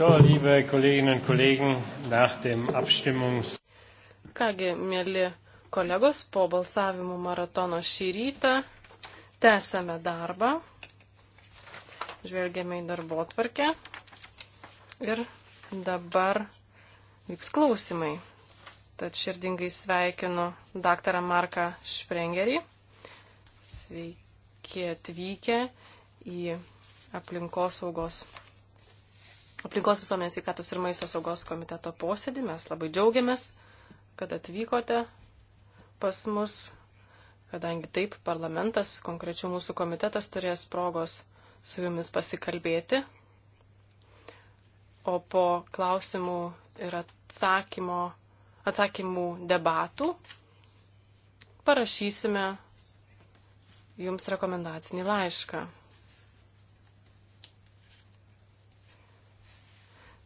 So, liebe Kolleginnen und Kollegen, nach dem Abstimmungs. Kągi, mėly kolegos, po balsavimų maratono šį rytą tęsame darbą, žvelgiame į darbo tvarkę ir dabar vyks klausimai. Tad širdingai sveikinu daktarą Marką Šprengerį. Sveiki atvykę į aplinkosaugos aplinkos visuomenės sveikatos ir maisto saugos komiteto posėdį. Mes labai džiaugiamės, kad atvykote pas mus, kadangi taip parlamentas, konkrečiau mūsų komitetas turės progos su jumis pasikalbėti. O po klausimų ir atsakymo, atsakymų debatų parašysime jums rekomendacinį laišką.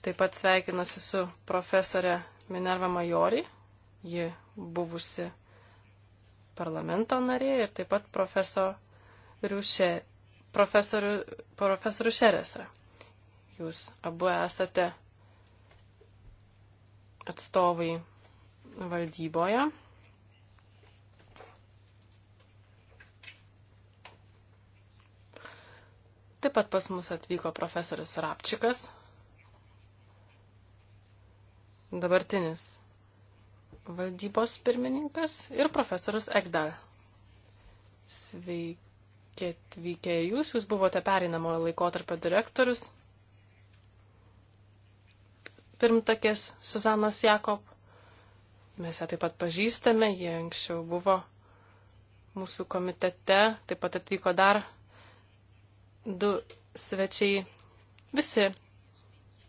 Taip pat sveikinuosi su profesorė Minerva Majori, ji buvusi parlamento narė ir taip pat profesorių, še, profesorių, profesorių Šeresą. Jūs abu esate atstovai valdyboje. Taip pat pas mus atvyko profesorius Rapčikas, dabartinis valdybos pirmininkas ir profesorius Egdal. Sveiki atvykę ir jūs, jūs buvote pereinamojo laikotarpio direktorius, pirmtakės Suzanos Jakob. Mes ją taip pat pažįstame, jie anksčiau buvo mūsų komitete, taip pat atvyko dar du svečiai, visi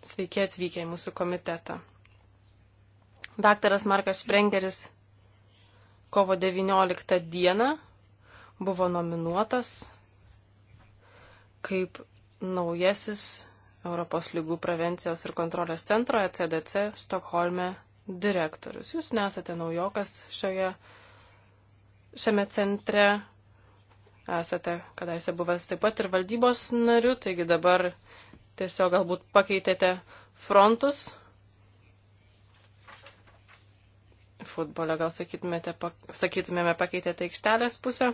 sveiki atvykę į mūsų komitetą. Daktaras Markas Sprengeris kovo 19 dieną buvo nominuotas kaip naujasis Europos lygų prevencijos ir kontrolės centro ECDC Stokholme direktorius. Jūs nesate naujokas šioje, šiame centre, esate kadaise buvęs taip pat ir valdybos nariu, taigi dabar tiesiog galbūt pakeitėte frontus futbolą, gal sakytumėme pakeitėte tai aikštelės pusę.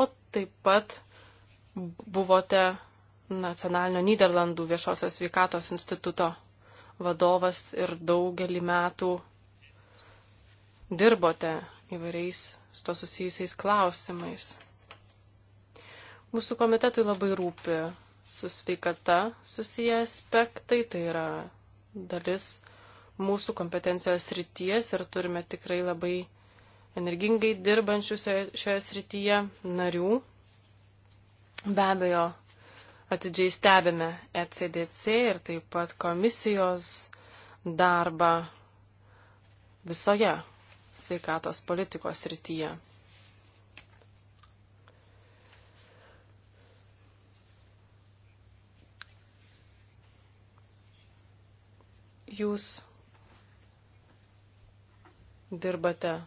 O taip pat buvote nacionalinio Niderlandų viešosios sveikatos instituto vadovas ir daugelį metų dirbote įvairiais su to susijusiais klausimais. Mūsų komitetui labai rūpi su sveikata susiję aspektai, tai yra dalis mūsų kompetencijos ryties ir turime tikrai labai energingai dirbančių šioje srityje narių. Be abejo, atidžiai stebime ECDC ir taip pat komisijos darbą visoje sveikatos politikos srityje. Jūs dirbate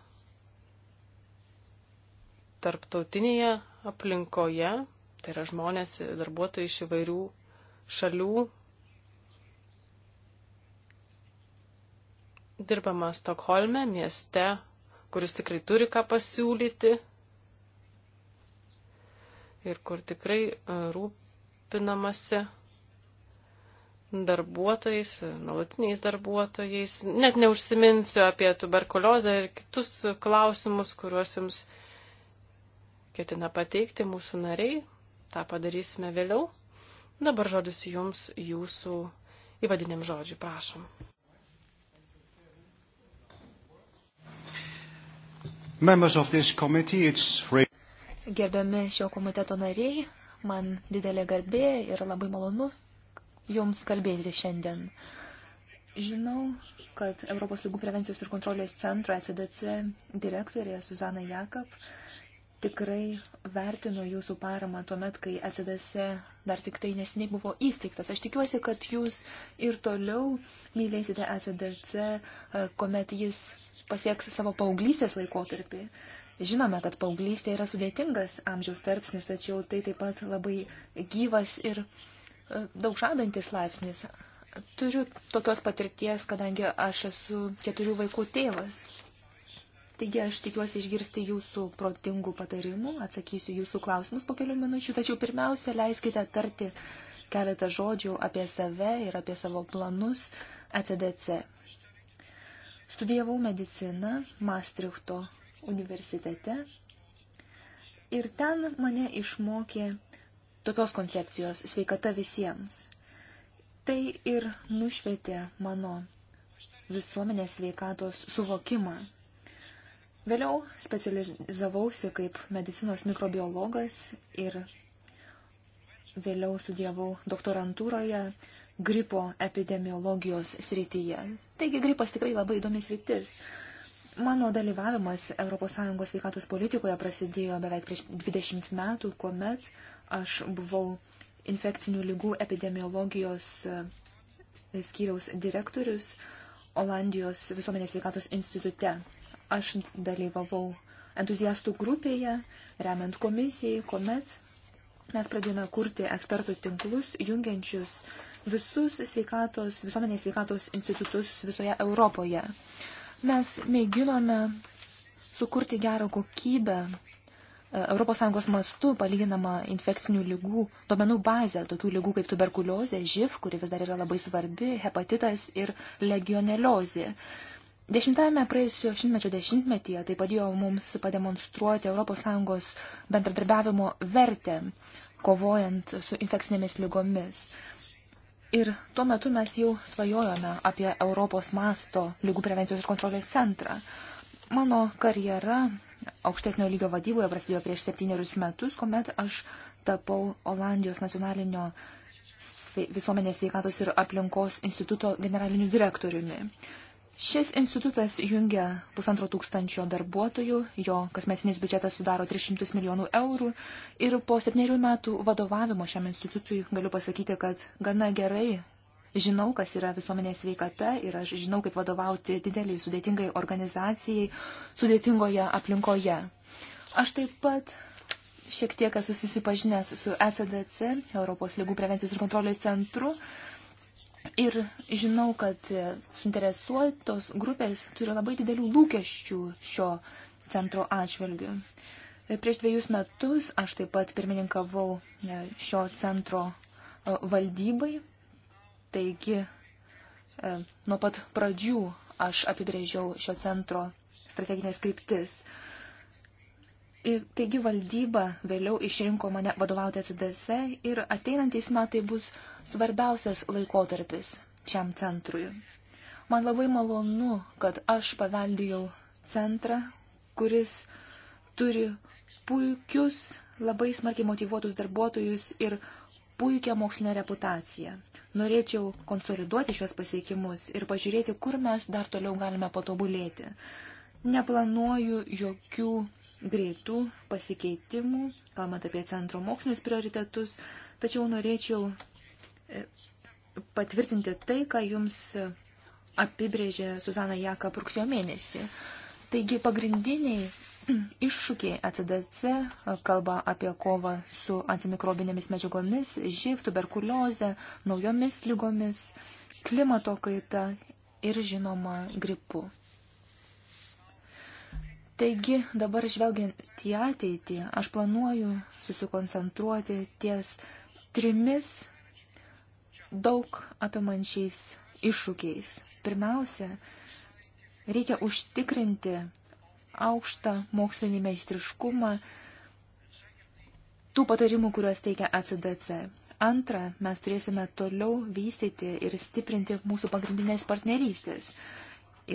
tarptautinėje aplinkoje, tai yra žmonės, darbuotojai iš įvairių šalių. Dirbama Stokholme, mieste, kuris tikrai turi ką pasiūlyti ir kur tikrai e, rūpinamasi darbuotojais, nuolatiniais darbuotojais. Net neužsiminsiu apie tuberkuliozę ir kitus klausimus, kuriuos jums ketina pateikti mūsų nariai. Ta padarysime vėliau. Dabar žodis jums jūsų įvadiniam žodžiui, prašom. Gerbiami šio komiteto nariai, man didelė garbė ir labai malonu jums kalbėti šiandien. Žinau, kad Europos lygų prevencijos ir kontrolės centro ECDC direktorė Suzana Jakab tikrai vertino jūsų paramą tuo met, kai ECDC dar tik tai nesiniai buvo įsteigtas. Aš tikiuosi, kad jūs ir toliau mylėsite ECDC, e, kuomet jis pasieks savo paauglystės laikotarpį. Žinome, kad paauglystė yra sudėtingas amžiaus tarpsnis, tačiau tai taip pat labai gyvas ir daug žadantis laipsnis. Turiu tokios patirties, kadangi aš esu keturių vaikų tėvas. Taigi aš tikiuosi išgirsti jūsų protingų patarimų, atsakysiu jūsų klausimus po kelių minučių, tačiau pirmiausia, leiskite tarti keletą žodžių apie save ir apie savo planus ECDC. Studijavau mediciną Maastrichto universitete ir ten mane išmokė tokios koncepcijos - sveikata visiems. Tai ir nušvietė mano visuomenės sveikatos suvokimą. Vėliau specializavausi kaip medicinos mikrobiologas ir vėliau studijavau doktorantūroje gripo epidemiologijos srityje. Taigi gripas tikrai labai įdomis rytis. Mano dalyvavimas ES sveikatos politikoje prasidėjo beveik prieš 20 metų, kuomet Aš buvau infekcinių lygų epidemiologijos e, skyriaus direktorius Olandijos visuomenės sveikatos institute. Aš dalyvavau entuziastų grupėje, remiant komisijai, kuomet mes pradėjome kurti ekspertų tinklus, jungiančius visus sveikatos, visuomenės sveikatos institutus visoje Europoje. Mes mėginome sukurti gerą kokybę ES mastu palyginama infekcinių lygų, domenų bazė tokių lygų kaip tuberkuliozė, živ, kuri vis dar yra labai svarbi, hepatitas ir legioneliozė. Dešimtajame praėjusio šimtmečio dešimtmetyje tai padėjo mums pademonstruoti ES bendradarbiavimo vertę, kovojant su infekcinėmis lygomis. Ir tuo metu mes jau svajojome apie Europos masto lygų prevencijos ir kontrolės centrą. Mano karjera aukštesnio lygio vadyboje prasidėjo prieš septynerius metus, kuomet aš tapau Olandijos nacionalinio visuomenės sveikatos ir aplinkos instituto generaliniu direktoriumi. Šis institutas jungia pusantro tūkstančio darbuotojų, jo kasmetinis biudžetas sudaro 300 milijonų eurų ir po septynerių metų vadovavimo šiam institutui galiu pasakyti, kad gana gerai žinau, kas yra visuomenės veikata ir aš žinau, kaip vadovauti dideliai sudėtingai organizacijai, sudėtingoje aplinkoje. Aš taip pat šiek tiek esu susipažinęs su ECDC, Europos lygų prevencijos ir kontrolės centru. Ir žinau, kad suinteresuotos grupės turi labai didelių lūkesčių šio centro atžvilgių. Prieš dviejus metus aš taip pat pirmininkavau šio centro valdybai Taigi, e, nuo pat pradžių aš apibrėžiau šio centro strateginės kryptis. Ir taigi valdyba vėliau išrinko mane vadovauti ACDS ir ateinantys metai bus svarbiausias laikotarpis šiam centrui. Man labai malonu, kad aš paveldėjau centrą, kuris turi puikius, labai smarkiai motivuotus darbuotojus ir puikią mokslinę reputaciją. Norėčiau konsoliduoti šios pasiekimus ir pažiūrėti, kur mes dar toliau galime patobulėti. Neplanuoju jokių greitų pasikeitimų, kalbant apie centro mokslinius prioritetus, tačiau norėčiau e, patvirtinti tai, ką jums apibrėžė Suzana Jaka rugsėjo mėnesį. Taigi pagrindiniai Iššūkiai ACDC kalba apie kovą su antimikrobinėmis medžiagomis, živ, tuberkuliozė, naujomis lygomis, klimato kaita ir žinoma gripu. Taigi dabar žvelgiant į ateitį, aš planuoju susikoncentruoti ties trimis daug apimančiais iššūkiais. Pirmiausia, reikia užtikrinti aukštą mokslinį meistriškumą tų patarimų, kuriuos teikia ACDC. Antra, mes turėsime toliau vystyti ir stiprinti mūsų pagrindinės partnerystės.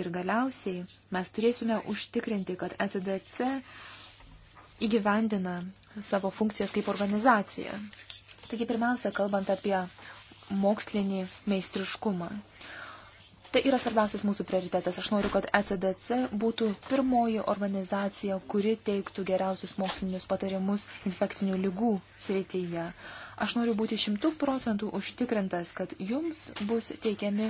Ir galiausiai mes turėsime užtikrinti, kad ECDC įgyvendina savo funkcijas kaip organizacija. Taigi pirmiausia, kalbant apie mokslinį meistriškumą. Tai yra svarbiausias mūsų prioritetas. Aš noriu, kad ECDC būtų pirmoji organizacija, kuri teiktų geriausius mokslinius patarimus infekcinių lygų srityje. Aš noriu būti šimtų procentų užtikrintas, kad jums bus teikiami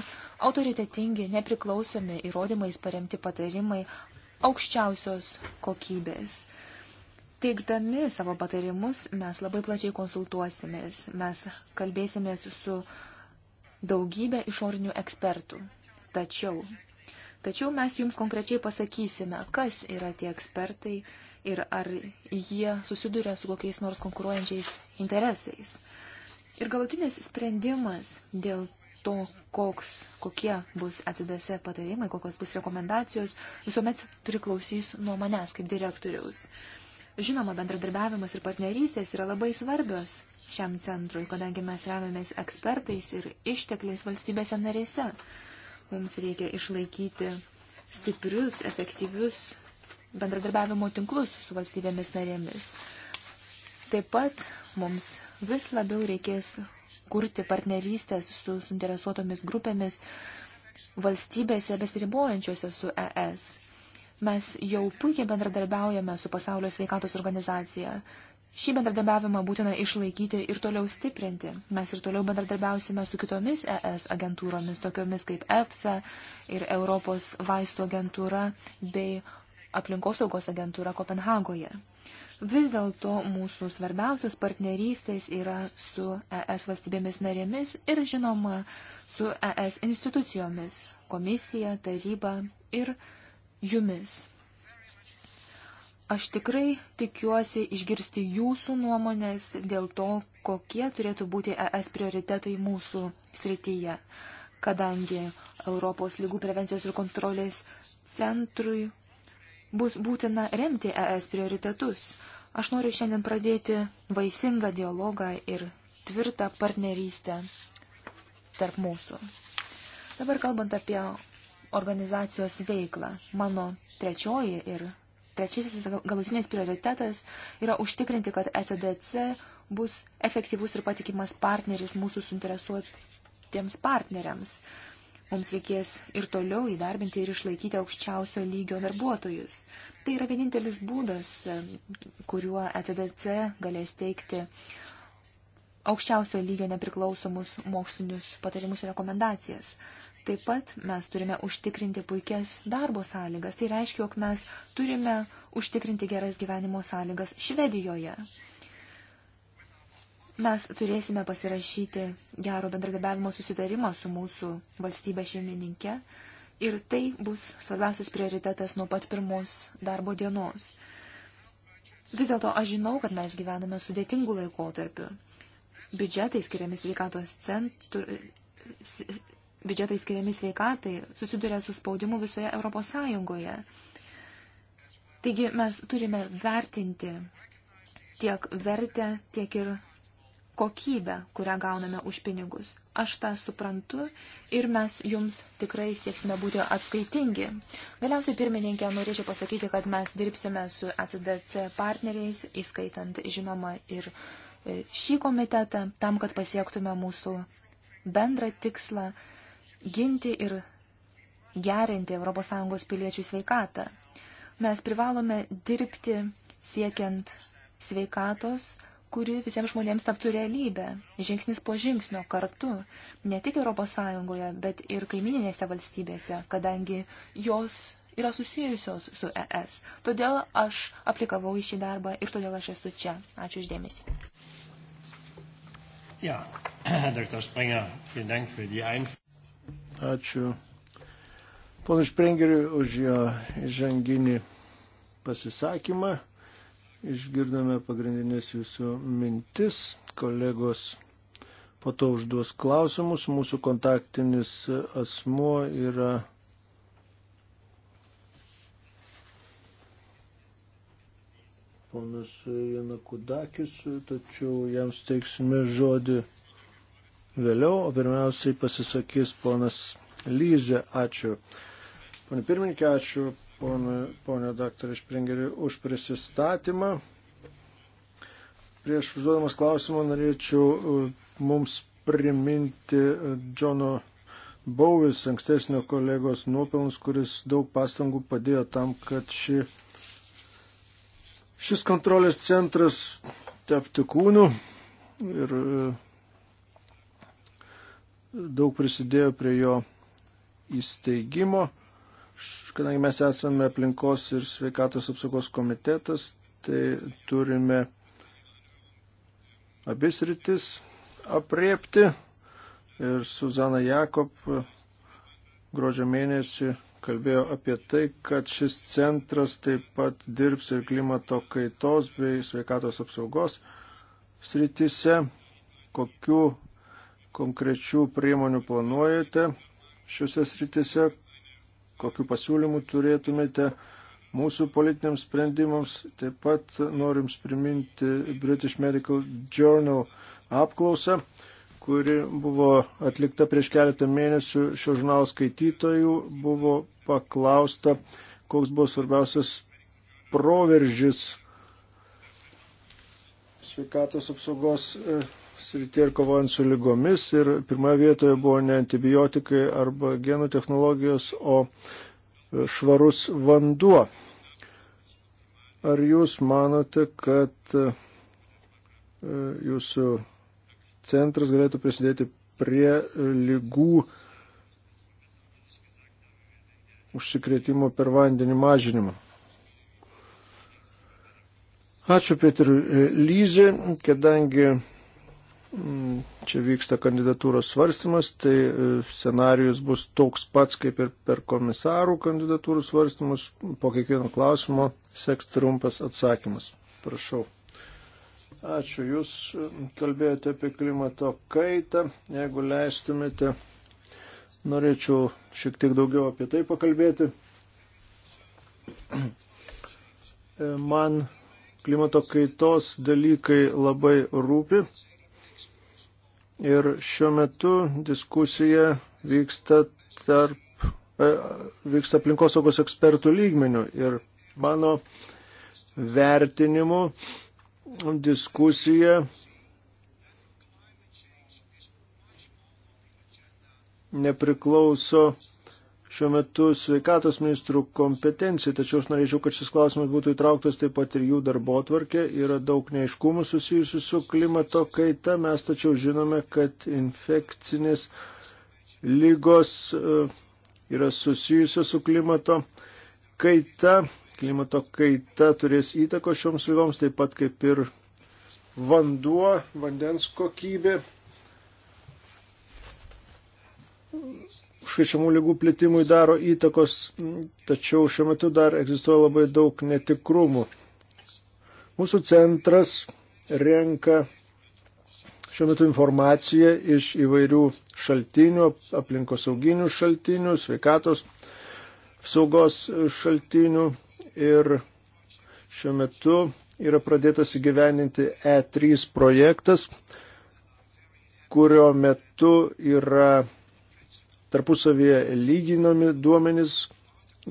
autoritetingi, nepriklausomi įrodymais paremti patarimai aukščiausios kokybės. Teikdami savo patarimus mes labai plačiai konsultuosimės, mes kalbėsimės su daugybė išorinių ekspertų tačiau. Tačiau mes jums konkrečiai pasakysime, kas yra tie ekspertai ir ar jie susiduria su kokiais nors konkuruojančiais interesais. Ir galutinis sprendimas dėl to, koks, kokie bus atsidėse patarimai, kokios bus rekomendacijos, visuomet priklausys nuo manęs kaip direktoriaus. Žinoma, bendradarbiavimas ir partnerystės yra labai svarbios šiam centrui, kadangi mes remiamės ekspertais ir ištekliais valstybėse narėse. Mums reikia išlaikyti stiprius, efektyvius bendradarbiavimo tinklus su valstybėmis narėmis. Taip pat mums vis labiau reikės kurti partnerystės su suinteresuotomis grupėmis valstybėse besiribojančiose su ES. Mes jau puikiai bendradarbiaujame su Pasaulio sveikatos organizacija. Šį bendradarbiavimą būtina išlaikyti ir toliau stiprinti. Mes ir toliau bendradarbiausime su kitomis ES agentūromis, tokiomis kaip EPSA ir Europos vaistų agentūra bei aplinkosaugos agentūra Kopenhagoje. Vis dėlto mūsų svarbiausios partnerystės yra su ES valstybėmis narėmis ir žinoma su ES institucijomis - komisija, taryba ir jumis. Aš tikrai tikiuosi išgirsti jūsų nuomonės dėl to, kokie turėtų būti ES prioritetai mūsų srityje, kadangi Europos lygų prevencijos ir kontrolės centrui bus būtina remti ES prioritetus. Aš noriu šiandien pradėti vaisingą dialogą ir tvirtą partnerystę tarp mūsų. Dabar kalbant apie organizacijos veiklą, mano trečioji ir trečiasis galutinis prioritetas yra užtikrinti, kad ECDC bus efektyvus ir patikimas partneris mūsų suinteresuotiems partneriams. Mums reikės ir toliau įdarbinti ir išlaikyti aukščiausio lygio darbuotojus. Tai yra vienintelis būdas, kuriuo ECDC galės teikti aukščiausio lygio nepriklausomus mokslinius patarimus ir rekomendacijas. Taip pat mes turime užtikrinti puikias darbo sąlygas. Tai reiškia, jog mes turime užtikrinti geras gyvenimo sąlygas Švedijoje. Mes turėsime pasirašyti gero bendradarbiavimo susitarimą su mūsų valstybė šeimininkė ir tai bus svarbiausias prioritetas nuo pat pirmos darbo dienos. Vis dėlto aš žinau, kad mes gyvename sudėtingų laikotarpių. Biudžetai skiriami sveikatos centrui biudžetai skiriami sveikatai susiduria su spaudimu visoje Europos Sąjungoje. Taigi mes turime vertinti tiek vertę, tiek ir kokybę, kurią gauname už pinigus. Aš tą suprantu ir mes jums tikrai sieksime būti atskaitingi. Galiausiai, pirmininkė, norėčiau pasakyti, kad mes dirbsime su ACDC e partneriais, įskaitant, žinoma, ir e, šį komitetą, tam, kad pasiektume mūsų bendrą tikslą ginti ir gerinti ES piliečių sveikatą. Mes privalome dirbti siekiant sveikatos, kuri visiems žmonėms taptų realybę, žingsnis po žingsnio kartu, ne tik ES, bet ir kaimininėse valstybėse, kadangi jos yra susijusios su ES. Todėl aš aplikavau į šį darbą ir todėl aš esu čia. Ačiū uždėmesi. Ja, Dr. Sprenger, vielen Dank für die Einführung. Ačiū ponu Šprengeriui už jo įžanginį pasisakymą. Išgirdome pagrindinės jūsų mintis, kolegos po to užduos klausimus. Mūsų kontaktinis asmuo yra ponas Janakudakis, tačiau jam steiksime žodį vėliau, o pirmiausiai pasisakys ponas Lyze. Ačiū. Pone pirmininkė, ačiū ponio daktarė Špringeriui už prisistatymą. Prieš užduodamas klausimą norėčiau uh, mums priminti uh, Džono Bauvis, ankstesnio kolegos nuopelnus, kuris daug pastangų padėjo tam, kad ši, šis kontrolės centras tapti kūnų ir uh, daug prisidėjo prie jo įsteigimo. Kadangi mes esame aplinkos ir sveikatos apsaugos komitetas, tai turime abis rytis apriepti. Ir Suzana Jakob e, gruodžio mėnesį kalbėjo apie tai, kad šis centras taip pat dirbs ir klimato kaitos bei sveikatos apsaugos srityse, kokiu konkrečių priemonių planuojate šiuose sritise, kokiu pasiūlymu turėtumėte mūsų politiniams sprendimams. Taip pat norim priminti British Medical Journal apklausą, kuri buvo atlikta prieš keletą mėnesių šio žurnalo skaitytojų, buvo paklausta, koks buvo svarbiausias proveržis sveikatos apsaugos e, srityje ir kovojant su lygomis. Ir pirmoje vietoje buvo ne antibiotikai arba genų technologijos, o e, švarus vanduo. Ar jūs manote, kad e, jūsų centras galėtų prisidėti prie e, lygų užsikrėtimo per vandenį mažinimą? Ačiū Petriu Lyzė, kadangi Mm, čia vyksta kandidatūros svarstymas, tai e, scenarius bus toks pats kaip ir per komisarų kandidatūrų svarstymus. Po kiekvieno klausimo seks trumpas atsakymas. Prašau. Ačiū. Jūs e, kalbėjote apie klimato kaitą. Jeigu leistumėte, norėčiau šiek tiek daugiau apie tai pakalbėti. E, man klimato kaitos dalykai labai rūpi Ir šiuo metu diskusija vyksta tarp, e, vyksta aplinkosaugos ekspertų lygmenių. Ir mano vertinimu diskusija nepriklauso šiuo metu sveikatos ministrų kompetencija, tačiau aš norėčiau, kad šis klausimas būtų įtrauktas taip pat ir jų darbo tvarkė. Yra daug neiškumų susijusių su klimato kaita, mes tačiau žinome, kad infekcinės lygos e, yra susijusios su klimato kaita. Klimato kaita turės įtako šioms lygoms, taip pat kaip ir vanduo, vandens kokybė užkrečiamų lygų plitimui daro įtakos, tačiau šiuo metu dar egzistuoja labai daug netikrumų. Mūsų centras renka šiuo metu informaciją iš įvairių šaltinių, aplinkosauginių šaltinių, sveikatos saugos šaltinių ir šiuo metu yra pradėtas įgyveninti E3 projektas, kurio metu yra tarpusavyje lyginami duomenys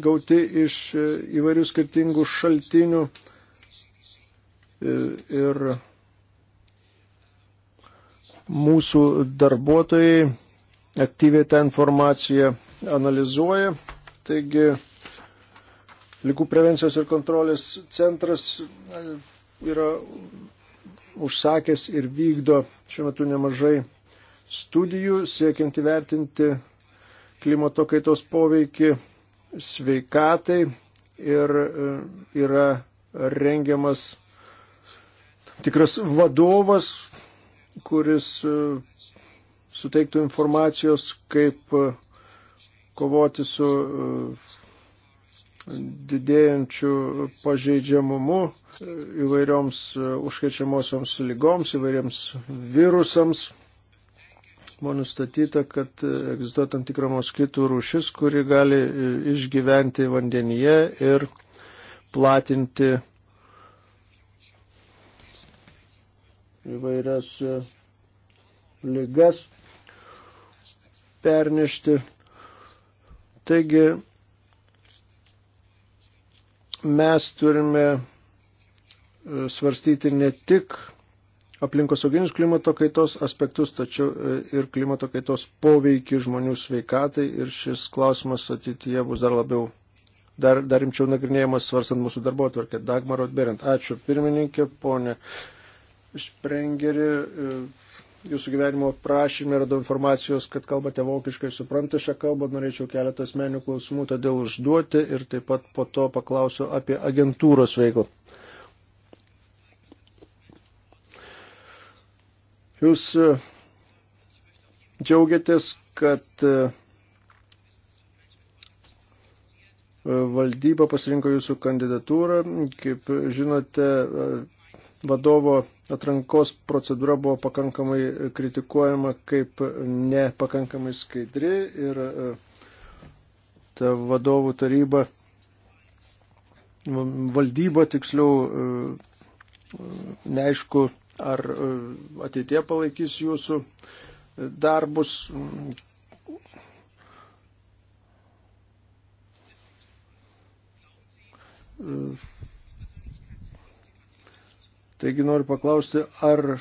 gauti iš e, įvairių skirtingų šaltinių e, ir mūsų darbuotojai aktyviai tą informaciją analizuoja. Taigi, lygų prevencijos ir kontrolės centras e, yra užsakęs ir vykdo šiuo metu nemažai studijų siekiant įvertinti klimato kaitos poveikį sveikatai ir e, yra rengiamas tikras vadovas, kuris e, suteiktų informacijos, kaip e, kovoti su didėjančiu pažeidžiamumu įvairioms užkečiamosioms lygoms, įvairiems virusams buvo nustatyta, kad e, egzistuoja tam tikra moskitų rūšis, kuri gali e, išgyventi vandenyje ir platinti įvairias e, lygas pernešti. Taigi mes turime svarstyti ne tik aplinkosauginius klimato kaitos aspektus, tačiau e, ir klimato kaitos poveikį žmonių sveikatai ir šis klausimas ateityje bus dar labiau, dar, dar rimčiau nagrinėjamas svarstant mūsų darbo atvarkę. Dagmar Otberint, ačiū pirmininkė, ponė Šprengeri. E, jūsų gyvenimo prašymė radau informacijos, kad kalbate vokiškai, supranta šią kalbą, norėčiau keletą asmenių klausimų, todėl užduoti ir taip pat po to paklausiu apie agentūros veiklą. Jūs e, džiaugiatės, kad e, valdyba pasirinko jūsų kandidatūrą. Kaip žinote, e, vadovo atrankos procedūra buvo pakankamai kritikuojama kaip nepakankamai skaidri ir ta vadovų taryba, valdyba tiksliau neaišku ar e, ateitie palaikys jūsų darbus. E, taigi noriu paklausti, ar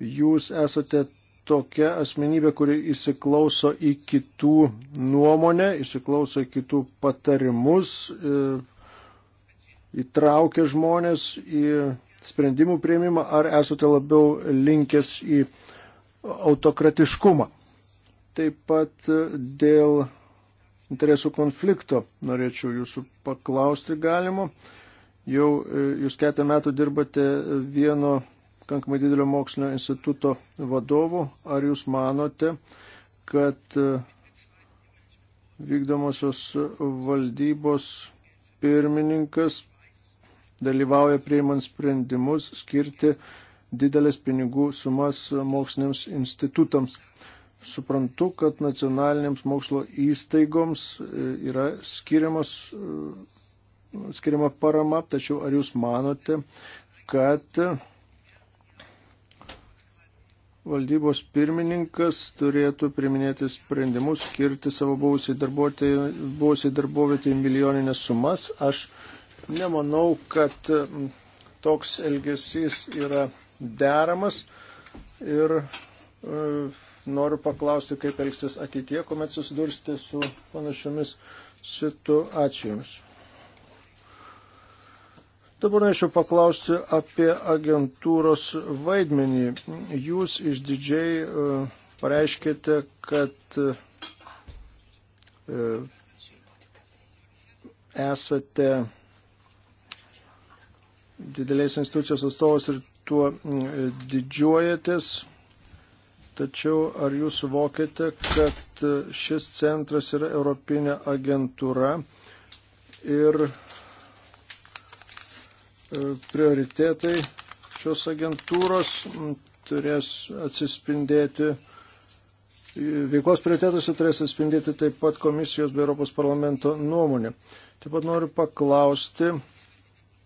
jūs esate tokia asmenybė, kuri įsiklauso į kitų nuomonę, įsiklauso į kitų patarimus, e, įtraukia žmonės į sprendimų prieimimą, ar esate labiau linkęs į autokratiškumą. Taip pat e, dėl interesų konflikto norėčiau jūsų paklausti galimo. Jau e, jūs ketą metų dirbate vieno kankamai didelio mokslinio instituto vadovu. Ar jūs manote, kad e, vykdomosios valdybos pirmininkas dalyvauja prieimant sprendimus skirti didelės pinigų sumas moksliniams institutams. Suprantu, kad nacionalinėms mokslo įstaigoms e, yra skiriamos, e, skiriama parama, tačiau ar jūs manote, kad valdybos pirmininkas turėtų priminėti sprendimus, skirti savo buvusiai darbuovietėje milijoninės sumas. Aš Nemanau, kad toks elgesys yra deramas ir e, noriu paklausti, kaip elgsis ateitie, kuomet susidursite su panašiomis situacijomis. Dabar norėčiau paklausti apie agentūros vaidmenį. Jūs iš didžiai e, pareiškite, kad e, esate didelės institucijos atstovas ir tuo mm, didžiuojatės. Tačiau ar jūs suvokite, kad e, šis centras yra Europinė agentūra ir e, prioritetai šios agentūros turės atsispindėti, e, veiklos prioritetuose turės atsispindėti taip pat komisijos bei Europos parlamento nuomonė. Taip pat noriu paklausti,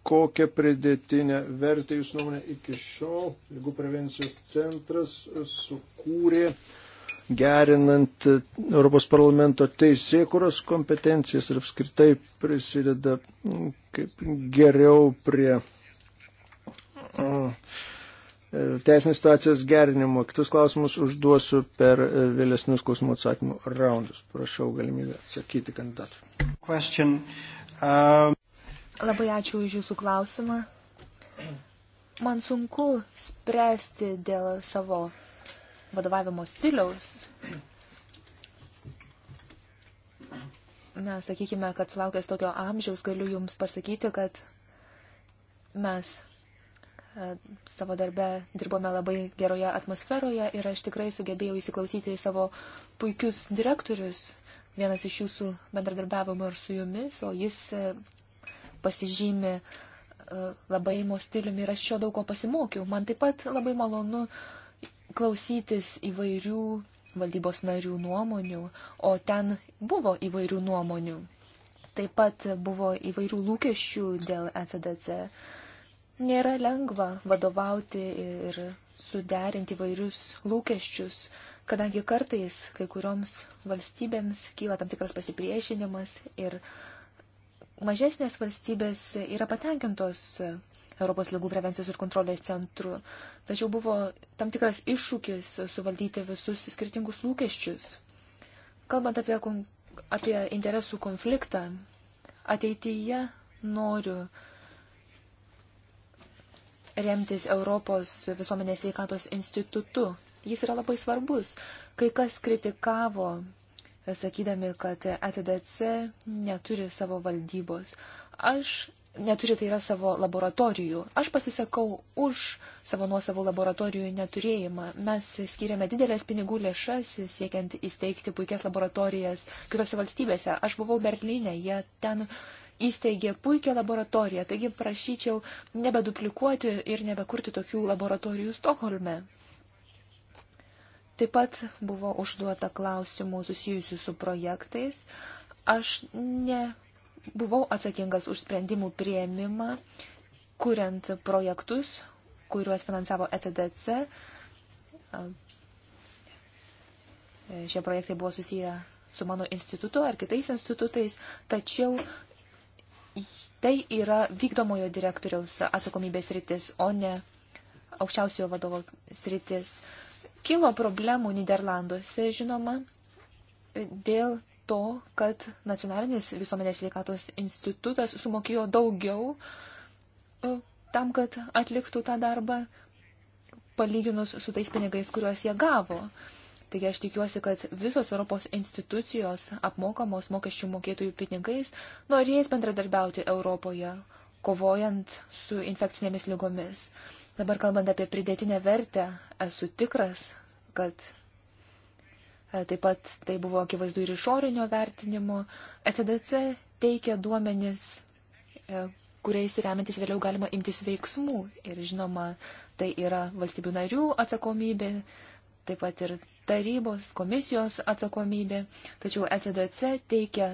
kokią pridėtinę vertę jūs nuomonė iki šiol lygų prevencijos centras sukūrė gerinant Europos parlamento teisėkuros kompetencijas ir apskritai prisideda mm, kaip geriau prie mm, teisinės situacijos gerinimo. Kitus klausimus užduosiu per vėlesnius klausimų atsakymų raundus. Prašau galimybę atsakyti kandidatų. Question. Um... Labai ačiū už Jūsų klausimą. Man sunku spręsti dėl savo vadovavimo stiliaus. Na, sakykime, kad sulaukęs tokio amžiaus galiu Jums pasakyti, kad mes e, savo darbe dirbome labai geroje atmosferoje ir aš tikrai sugebėjau įsiklausyti į savo puikius direktorius. Vienas iš jūsų bendradarbiavimo ir su jumis, o jis e, pasižymi e, labai mo stiliumi ir aš šio daug ko pasimokiau. Man taip pat labai malonu klausytis įvairių valdybos narių nuomonių, o ten buvo įvairių nuomonių. Taip pat buvo įvairių lūkesčių dėl ECDC. Nėra lengva vadovauti ir suderinti įvairius lūkesčius, kadangi kartais kai kurioms valstybėms kyla tam tikras pasipriešinimas ir uh, mažesnės valstybės yra patenkintos Europos lygų prevencijos ir kontrolės centru, tačiau buvo tam tikras iššūkis suvaldyti visus skirtingus lūkesčius. Kalbant apie, apie interesų konfliktą, ateityje noriu remtis Europos visuomenės veikatos institutu. Jis yra labai svarbus. Kai kas kritikavo sakydami, kad ETDC neturi savo valdybos. Aš neturi tai yra savo laboratorijų. Aš pasisakau už savo nuosavų laboratorijų neturėjimą. Mes skiriame didelės pinigų lėšas siekiant įsteigti puikias laboratorijas kitose valstybėse. Aš buvau Berlyne, jie ten įsteigė puikią laboratoriją, taigi prašyčiau nebeduplikuoti ir nebekurti tokių laboratorijų Stokholme. Taip pat buvo užduota klausimų susijusių su projektais. Aš ne buvau atsakingas už sprendimų prieimimą, kuriant projektus, kuriuos finansavo ECDC. Šie projektai buvo susiję su mano institutu ar kitais institutais, tačiau tai yra vykdomojo direktoriaus atsakomybės rytis, o ne aukščiausiojo vadovo sritis. Kilo problemų Niderlanduose, žinoma, dėl to, kad nacionalinis visuomenės sveikatos institutas sumokėjo daugiau e, tam, kad atliktų tą darbą, palyginus su tais pinigais, kuriuos jie gavo. Taigi aš tikiuosi, kad visos Europos institucijos apmokamos mokesčių mokėtojų pinigais norės bendradarbiauti Europoje, kovojant su infekcinėmis lygomis. Dabar kalbant apie pridėtinę vertę, esu tikras, kad e, taip pat tai buvo akivaizdu ir išorinio vertinimo. ECDC teikia duomenis, e, kuriais remiantis vėliau galima imtis veiksmų. Ir žinoma, tai yra valstybių narių atsakomybė, taip pat ir tarybos, komisijos atsakomybė. Tačiau ECDC teikia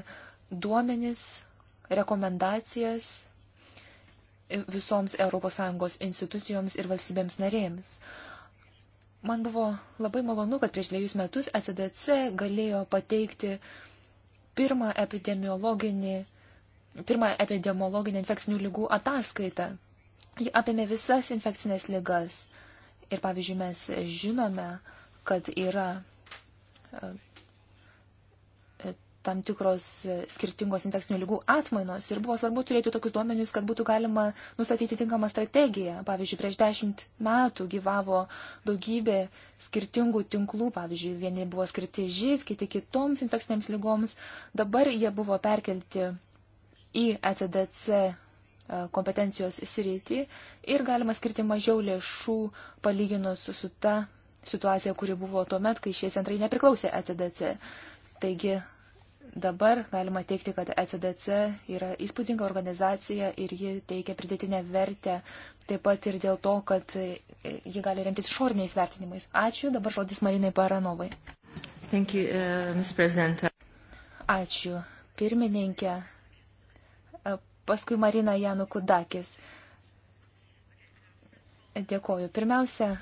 duomenis, rekomendacijas visoms ES institucijoms ir valstybėms narėms. Man buvo labai malonu, kad prieš dviejus metus ECDC galėjo pateikti pirmą epidemiologinį, pirmą epidemiologinį infekcinių lygų ataskaitą. Ji apėmė visas infekcinės lygas. Ir pavyzdžiui, mes žinome, kad yra tam tikros e, skirtingos infekcinių lygų atmainos ir buvo svarbu turėti tokius duomenius, kad būtų galima nustatyti tinkamą strategiją. Pavyzdžiui, prieš dešimt metų gyvavo daugybė skirtingų tinklų, pavyzdžiui, vieni buvo skirti živ, kiti kitoms infekcinėms lygoms, dabar jie buvo perkelti į ECDC e, kompetencijos sritį ir galima skirti mažiau lėšų palyginus su ta situacija, kuri buvo tuo met, kai šie centrai nepriklausė ECDC. Taigi Dabar galima teikti, kad ECDC yra įspūdinga organizacija ir ji teikia pridėtinę vertę, taip pat ir dėl to, kad ji gali remtis išoriniais vertinimais. Ačiū, dabar žodis Marinai Paranovai. Thank you, uh, Ačiū, pirmininkė. Paskui Marina Janukudakis. Dėkoju. Pirmiausia,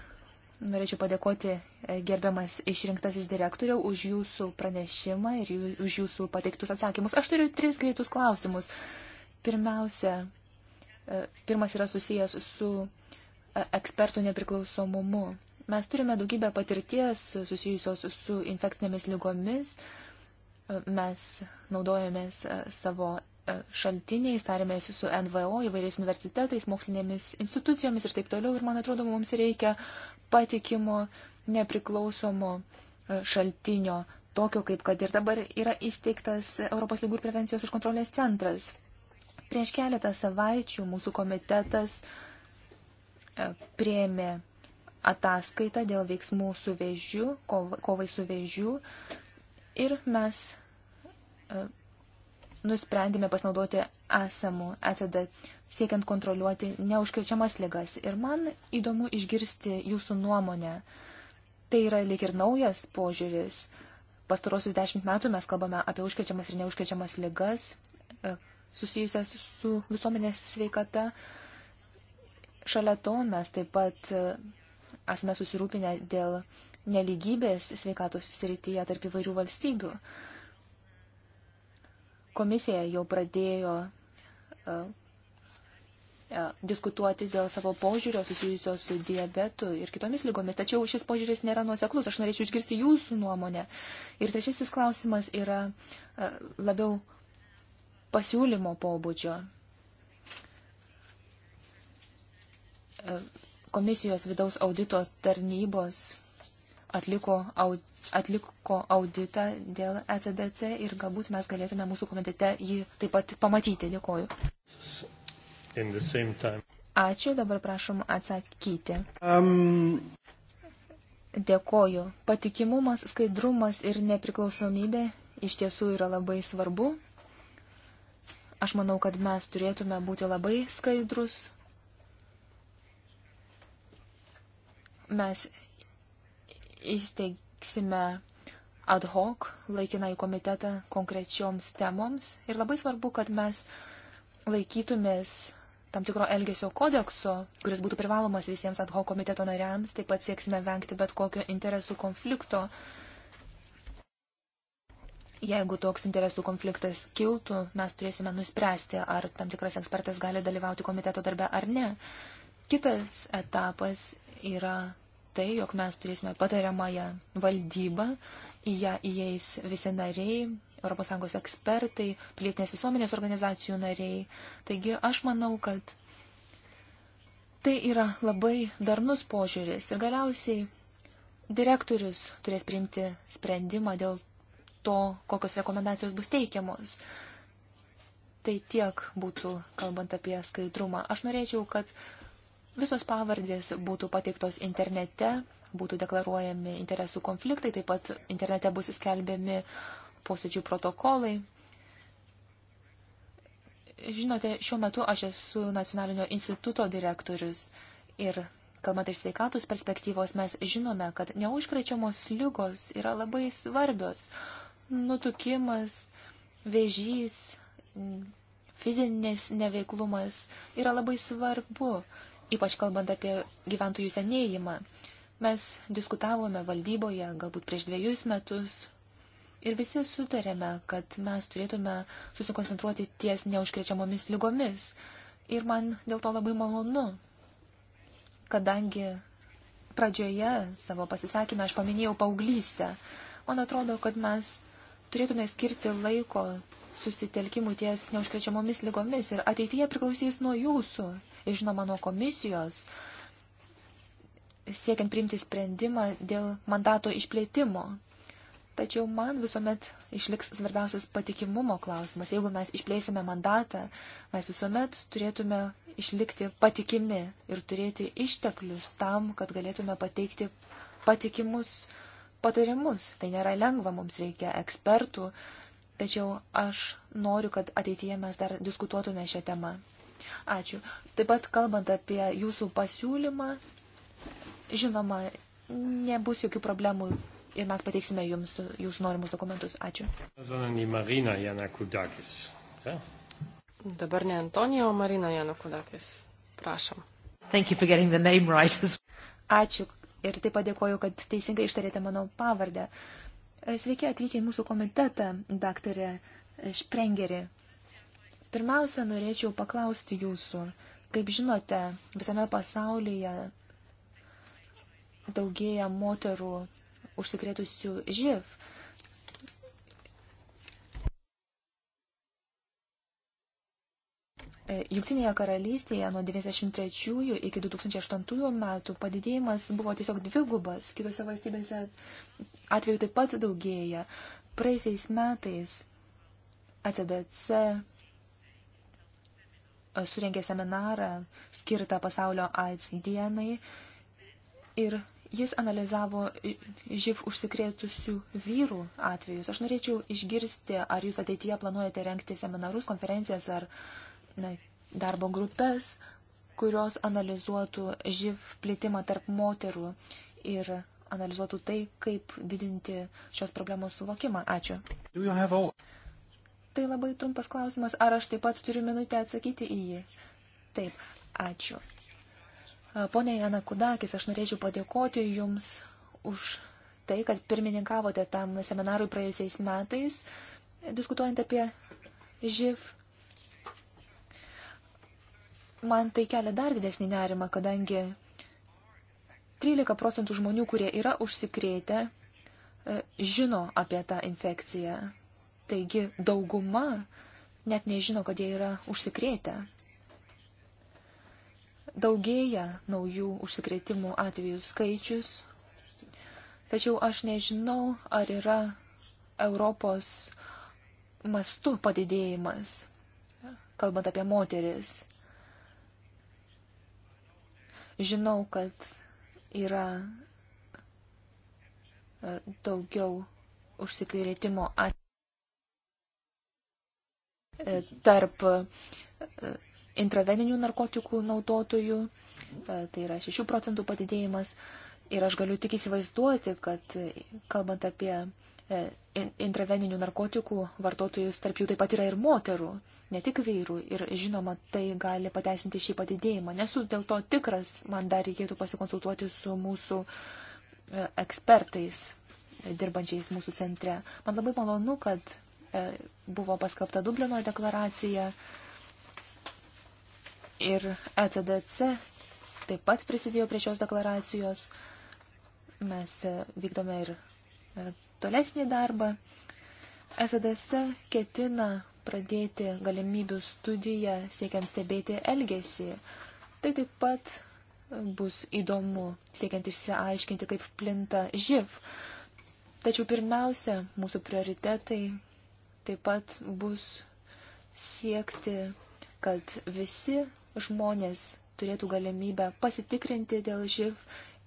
Norėčiau padėkoti e, gerbiamas išrinktasis direktoriau už jūsų pranešimą ir jų, už jūsų pateiktus atsakymus. Aš turiu tris greitus klausimus. Pirmiausia, e, pirmas yra susijęs su e, ekspertų nepriklausomumu. Mes turime daugybę patirties susijusios su infekcinėmis lygomis. Mes naudojamės savo šaltiniais, tarėmės su NVO, įvairiais universitetais, mokslinėmis institucijomis ir taip toliau. Ir man atrodo, mums reikia patikimo, nepriklausomo e, šaltinio, tokio kaip kad ir dabar yra įsteigtas Europos lygų ir prevencijos ir kontrolės centras. Prieš keletą savaičių mūsų komitetas e, prieėmė ataskaitą dėl veiksmų su vėžiu, kovai su vėžiu ir mes e, nusprendėme pasinaudoti esamų ECD, siekiant kontroliuoti neužkirčiamas ligas. Ir man įdomu išgirsti jūsų nuomonę. Tai yra lik ir naujas požiūris. Pastarosius dešimt metų mes kalbame apie užkirčiamas ir neužkirčiamas ligas e, susijusias su visuomenės sveikata. Šalia to mes taip pat e, esame susirūpinę dėl neligybės sveikatos srityje tarp įvairių valstybių. Uh, Komisija jau pradėjo e, e, diskutuoti dėl savo požiūrio susijusios su diabetu ir kitomis lygomis, tačiau šis požiūris nėra nuoseklus. Aš norėčiau išgirsti jūsų nuomonę. Ir trečiasis klausimas yra e, labiau pasiūlymo pobūdžio. Komisijos vidaus audito tarnybos atliko, aud, atliko auditą dėl ECDC ir galbūt mes galėtume mūsų komitete jį taip pat pamatyti. Dėkoju. Ačiū, dabar prašom atsakyti. Um... Dėkoju. Patikimumas, skaidrumas ir nepriklausomybė iš tiesų yra labai svarbu. Aš manau, kad mes turėtume būti labai skaidrus. Mes įsteigsime ad hoc laikinai komitetą konkrečioms temoms ir labai svarbu, kad mes laikytumės tam tikro elgesio kodekso, kuris būtų privalomas visiems ad hoc komiteto nariams, taip pat sieksime vengti bet kokio interesų konflikto. Jeigu toks interesų konfliktas kiltų, mes turėsime nuspręsti, ar tam tikras ekspertas gali dalyvauti komiteto darbe ar ne. Kitas etapas yra tai, jog mes turėsime patariamąją valdybą, į ją įeis visi nariai, ES ekspertai, pilietinės visuomenės organizacijų nariai. Taigi aš manau, kad tai yra labai darnus požiūris ir galiausiai direktorius turės priimti sprendimą dėl to, kokios rekomendacijos bus teikiamos. Tai tiek būtų, kalbant apie skaidrumą. Aš norėčiau, kad Visos pavardės būtų pateiktos internete, būtų deklaruojami interesų konfliktai, taip pat internete bus skelbiami posėdžių protokolai. Žinote, šiuo metu aš esu nacionalinio instituto direktorius ir Kalbant iš sveikatos perspektyvos, mes žinome, kad neužkrečiamos lygos yra labai svarbios. Nutukimas, vėžys, fizinis neveiklumas yra labai svarbu ypač kalbant apie gyventojų senėjimą. Mes diskutavome valdyboje galbūt prieš dviejus metus ir visi sutarėme, kad mes turėtume susikoncentruoti ties neužkrečiamomis lygomis. Ir man dėl to labai malonu, kadangi pradžioje savo pasisakymę aš paminėjau paauglystę. Man atrodo, kad mes turėtume skirti laiko susitelkimų ties neužkrečiamomis lygomis ir ateityje priklausys nuo jūsų žinoma nuo komisijos, siekiant priimti sprendimą dėl mandato išplėtimo. Tačiau man visuomet išliks svarbiausias patikimumo klausimas. Jeigu mes išplėsime mandatą, mes visuomet turėtume išlikti patikimi ir turėti išteklius tam, kad galėtume pateikti patikimus patarimus. Tai nėra lengva, mums reikia ekspertų, tačiau aš noriu, kad ateityje mes dar diskutuotume šią temą. Ačiū. Taip pat kalbant apie jūsų pasiūlymą, žinoma, nebus jokių problemų ir mes pateiksime jums jūsų norimus dokumentus. Ačiū. Dabar ne Antonijo, o Marina Janukudakis. Prašom. Right. Ačiū ir taip padėkoju, kad teisingai ištarėte mano pavardę. Sveiki atvykę į mūsų komitetą, daktarė Šprengerį. Pirmiausia, norėčiau paklausti jūsų, kaip žinote, visame pasaulyje daugėja moterų užsikrėtusių živ. E, Jungtinėje karalystėje nuo 93 iki 2008 metų padidėjimas buvo tiesiog dvigubas, kitose valstybėse atveju taip pat daugėja. Praėjusiais metais ACDC surengė seminarą skirtą pasaulio AIDS dienai ir jis analizavo živ užsikrėtusių vyrų atvejus. Aš norėčiau išgirsti, ar jūs ateityje planuojate renkti seminarus, konferencijas ar na, darbo grupės, kurios analizuotų živ plitimą tarp moterų ir analizuotų tai, kaip didinti šios problemos suvokimą. Ačiū. All... Tai labai trumpas klausimas. Ar aš taip pat turiu minutę atsakyti į jį? Taip, ačiū. Pone Jana Kudakis, aš norėčiau padėkoti Jums už tai, kad pirmininkavote tam seminarui praėjusiais metais, diskutuojant apie živ. Man tai kelia dar didesnį nerimą, kadangi 13 procentų žmonių, kurie yra užsikrėtę, e, žino apie tą infekciją. Taigi dauguma net nežino, kad jie yra užsikrėtę. Daugėja naujų užsikrėtimų atvejų skaičius, tačiau aš nežinau, ar yra Europos mastų padidėjimas, kalbant apie moteris. Žinau, kad yra e, daugiau užsikrėtimo atvejų. E, tarp e, intraveninių narkotikų naudotojų, e, tai yra 6 procentų padidėjimas. Ir aš galiu tik įsivaizduoti, kad kalbant apie intraveninių narkotikų vartotojus, tarp jų taip pat yra ir moterų, ne tik vyrų. Ir žinoma, tai gali pateisinti šį padidėjimą. Nesu dėl to tikras, man dar reikėtų pasikonsultuoti su mūsų ekspertais dirbančiais mūsų centre. Man labai malonu, kad E, buvo paskapta Dublino deklaracija ir ECDC taip pat prisidėjo prie šios deklaracijos. Mes e, vykdome ir e, tolesnį darbą. ECDC ketina pradėti galimybių studiją siekiant stebėti elgesį. Tai taip pat bus įdomu siekiant išsiaiškinti, kaip plinta živ. Tačiau pirmiausia, mūsų prioritetai taip pat bus siekti, kad visi žmonės turėtų galimybę pasitikrinti dėl živ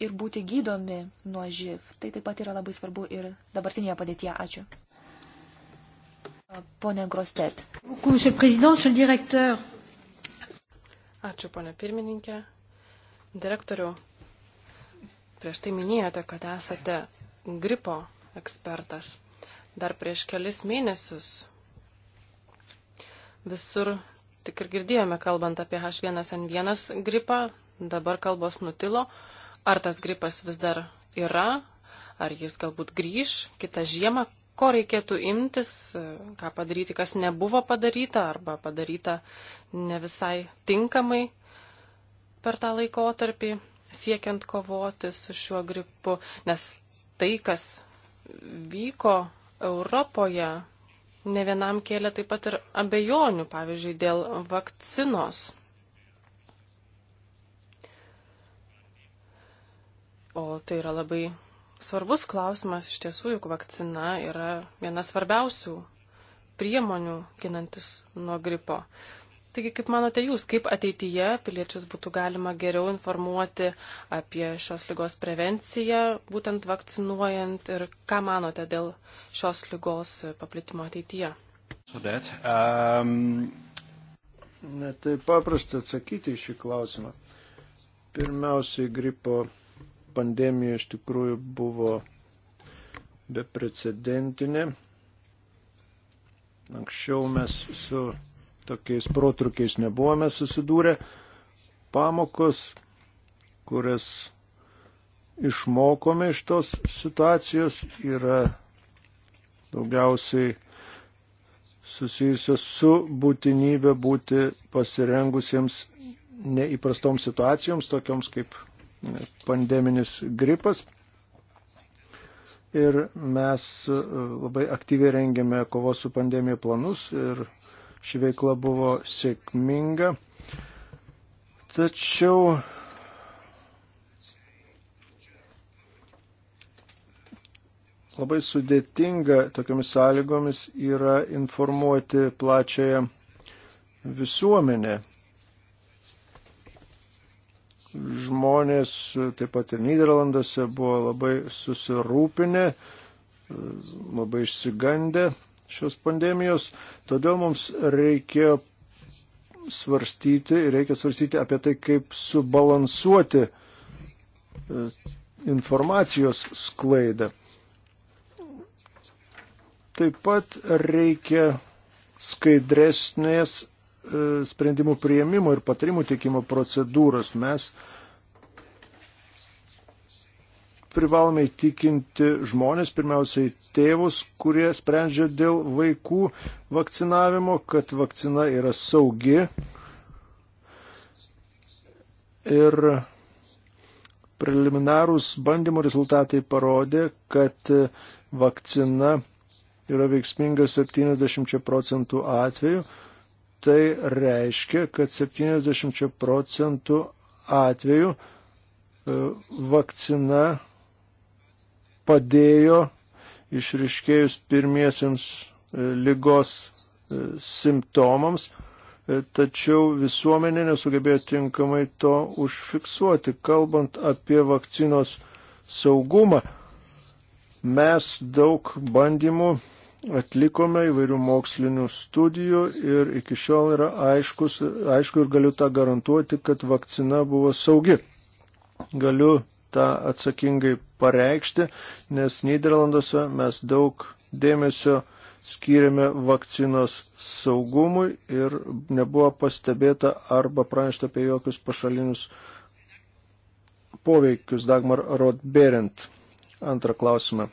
ir būti gydomi nuo živ. Tai taip pat yra labai svarbu ir dabartinėje padėtyje. Ačiū. Pone Grostet. Ačiū, pone pirmininkė. Direktoriu, prieš tai minėjote, kad esate gripo ekspertas dar prieš kelis mėnesius visur tik ir girdėjome kalbant apie H1N1 gripą, dabar kalbos nutilo. Ar tas gripas vis dar yra, ar jis galbūt grįž kitą žiemą, ko reikėtų imtis, ką padaryti, kas nebuvo padaryta arba padaryta ne visai tinkamai per tą laikotarpį, siekiant kovoti su šiuo gripu, nes tai, kas vyko Europoje ne vienam kėlė taip pat ir abejonių, pavyzdžiui, dėl vakcinos. O tai yra labai svarbus klausimas, iš tiesų, juk vakcina yra viena svarbiausių priemonių ginantis nuo gripo. Taigi, kaip manote jūs, kaip ateityje piliečius būtų galima geriau informuoti apie šios lygos prevenciją, būtent vakcinuojant ir ką manote dėl šios lygos paplitimo ateityje? So that, um... Netai paprasta atsakyti į šį klausimą. Pirmiausiai gripo pandemija iš tikrųjų buvo beprecedentinė. Anksčiau mes su tokiais protrukiais nebuvome susidūrę. Pamokos, kurias išmokome iš tos situacijos, yra daugiausiai susijusios su būtinybė būti pasirengusiems neįprastoms situacijoms, tokioms kaip pandeminis gripas. Ir mes e, labai aktyviai rengėme kovos su pandemija planus ir uh, ši veikla buvo sėkminga. Tačiau labai sudėtinga tokiamis sąlygomis yra informuoti plačiąją visuomenę. Žmonės, taip pat ir Niderlanduose, buvo labai susirūpinę, labai išsigandę šios pandemijos, todėl mums reikėjo svarstyti ir reikia svarstyti apie tai, kaip subalansuoti e, informacijos sklaidą. Taip pat reikia skaidresnės e, sprendimų prieimimo ir patarimų teikimo procedūros. Mes uh, privalome įtikinti žmonės, pirmiausiai tėvus, kurie sprendžia dėl vaikų vakcinavimo, kad vakcina yra saugi. Ir preliminarūs bandymų rezultatai parodė, kad vakcina yra veiksminga 70 procentų atveju. Tai reiškia, kad 70 procentų atveju e, vakcina padėjo išriškėjus pirmiesiams e, lygos e, simptomams, e, tačiau visuomenė nesugebėjo tinkamai to užfiksuoti. Kalbant apie vakcinos saugumą, mes daug bandymų atlikome įvairių mokslinių studijų ir iki šiol yra aiškus, aišku ir galiu tą garantuoti, kad vakcina buvo saugi. Galiu tą atsakingai pareikšti, nes Niderlanduose mes daug dėmesio skiriame vakcinos saugumui ir nebuvo pastebėta arba pranešta apie jokius pašalinius poveikius Dagmar Rodberent. Antrą klausimą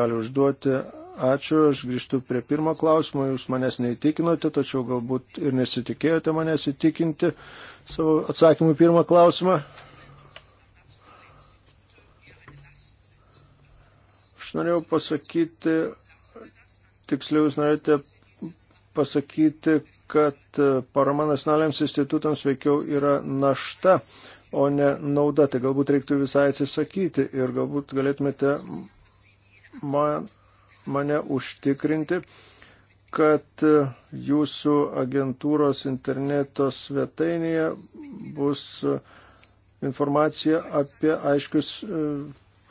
gali užduoti. Ačiū, aš grįžtu prie pirmo klausimo, jūs manęs neįtikinote, tačiau galbūt ir nesitikėjote manęs įtikinti savo atsakymu į pirmą klausimą. Aš norėjau pasakyti, tiksliau jūs norite pasakyti, kad parama nacionaliniams institutams veikiau yra našta, o ne nauda. Tai galbūt reiktų visai atsisakyti ir galbūt galėtumėte man, mane užtikrinti, kad jūsų agentūros interneto svetainėje bus informacija apie aiškius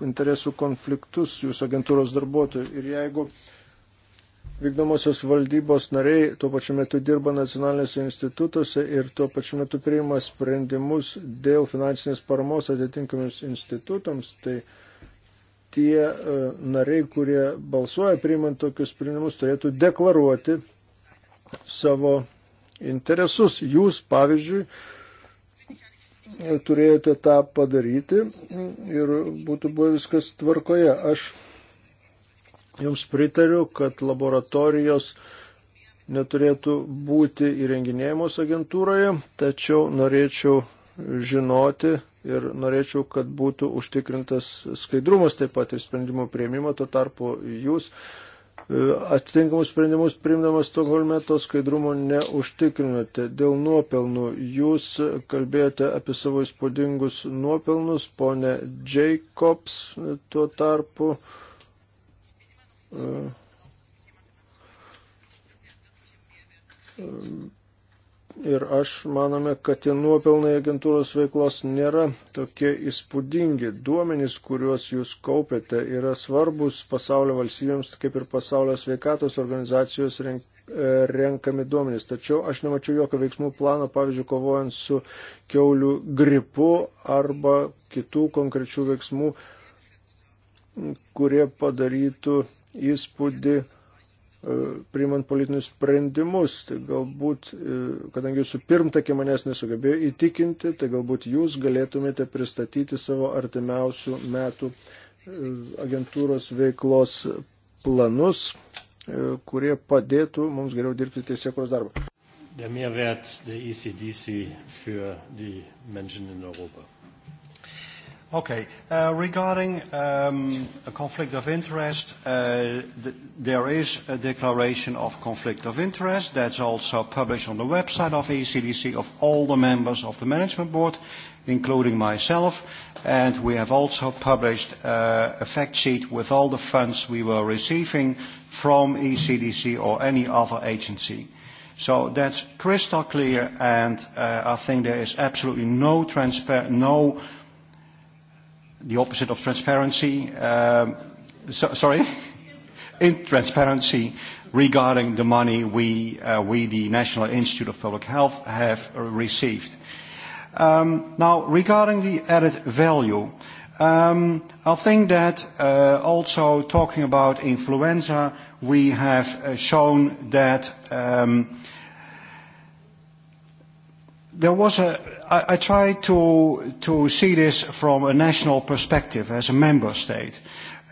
interesų konfliktus jūsų agentūros darbuotojų. Ir jeigu vykdomosios valdybos nariai tuo pačiu metu dirba nacionalinėse institutuose ir tuo pačiu metu priima sprendimus dėl finansinės paramos atitinkamiems institutams, tai tie e, nariai, kurie balsuoja priimant tokius sprendimus, turėtų deklaruoti savo interesus. Jūs, pavyzdžiui, turėjote tą padaryti ir būtų buvę viskas tvarkoje. Aš jums pritariu, kad laboratorijos neturėtų būti įrenginėjimos agentūroje, tačiau norėčiau žinoti ir norėčiau, kad būtų užtikrintas skaidrumas taip pat ir sprendimo prieimimo, tuo tarpu jūs E, atitinkamus sprendimus primdamas Stokholme to skaidrumo neužtikrinote. Dėl nuopelnų jūs kalbėjote apie savo įspūdingus nuopelnus, ponė Jacobs tuo tarpu. Uh, um, ir aš manome, kad tie nuopelnai agentūros veiklos nėra tokie įspūdingi. Duomenys, kuriuos jūs kaupiate, yra svarbus pasaulio valstybėms, kaip ir pasaulio sveikatos organizacijos renk, e, renkami duomenys. Tačiau aš nemačiau jokio veiksmų plano, pavyzdžiui, kovojant su keulių gripu arba kitų konkrečių veiksmų, kurie padarytų įspūdį E, priimant politinius sprendimus. Tai galbūt, e, kadangi jūsų pirmtakė manęs nesugebėjo įtikinti, tai galbūt jūs galėtumėte pristatyti savo artimiausių metų e, agentūros veiklos planus, kurie padėtų mums geriau dirbti teisėkos darbą. Der Mehrwert der ECDC für die Menschen in Europa. Okay. Uh, regarding um, a conflict of interest, uh, th there is a declaration of conflict of interest that's also published on the website of ECDC of all the members of the management board, including myself, and we have also published uh, a fact sheet with all the funds we were receiving from ECDC or any other agency. So that's crystal clear, and uh, I think there is absolutely no transparent, no the opposite of transparency. Um, so, sorry, in transparency regarding the money we, uh, we, the National Institute of Public Health, have received. Um, now, regarding the added value, um, I think that uh, also talking about influenza, we have uh, shown that um, there was a, I, I try to, to see this from a national perspective as a member state.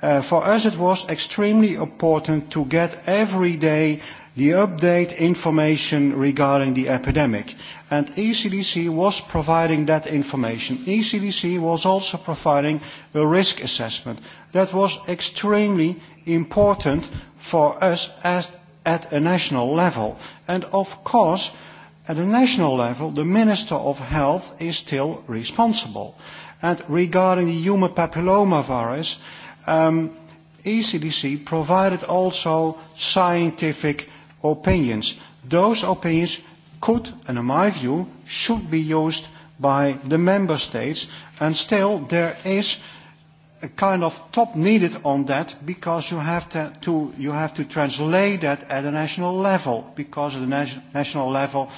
Uh, for us, it was extremely important to get every day the update information regarding the epidemic. And ECDC was providing that information. ECDC was also providing a risk assessment. That was extremely important for us as, at a national level. And of course, uh, At the national level, the Minister of Health is still responsible. And regarding the human papillomavirus, um, ECDC provided also scientific opinions. Those opinions could, and in my view, should be used by the member states. And still, there is a kind of top needed on that because you have to, to, you have to translate that at a national level because at the nat- national level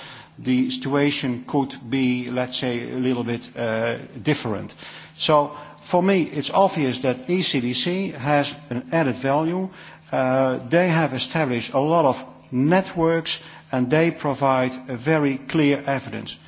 the situation could be, let's say, a little bit uh, different. So for me, it's obvious that ECDC has an added value. Uh, they have established a lot of networks and they provide a very clear evidence.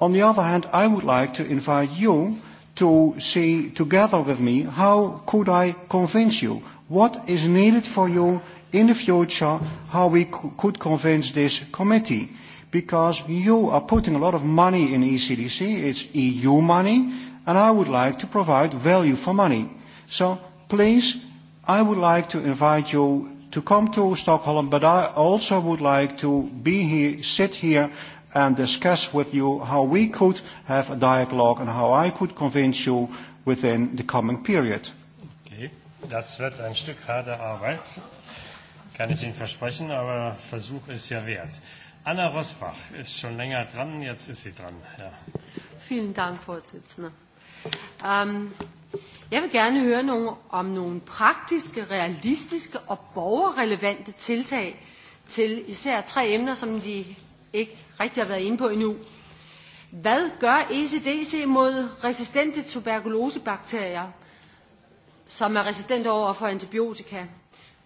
On the other hand, I would like to invite you to see together with me how could I convince you? What is needed for you in the future how we could convince this committee. Because you are putting a lot of money in ECDC, it's EU money, and I would like to provide value for money. So please, I would like to invite you to come to Stockholm, but I also would like to be here, sit here and discuss with you how we could have a dialogue and how I could convince you within the coming period. Okay, das wird ein Stück harte Arbeit. Kann ich Ihnen versprechen, aber Versuch ist ja wert. Anna Rosbach ist schon länger dran, jetzt ist sie dran. Ja. Vielen Dank, Vorsitzender. Um, Jeg vil gerne høre nogle, om nogle praktiske, realistiske og borgerrelevante tiltag til især tre emner, som de ikke rigtig har været inde på endnu. Hvad gør ECDC mod resistente tuberkulosebakterier, som er resistente over for antibiotika?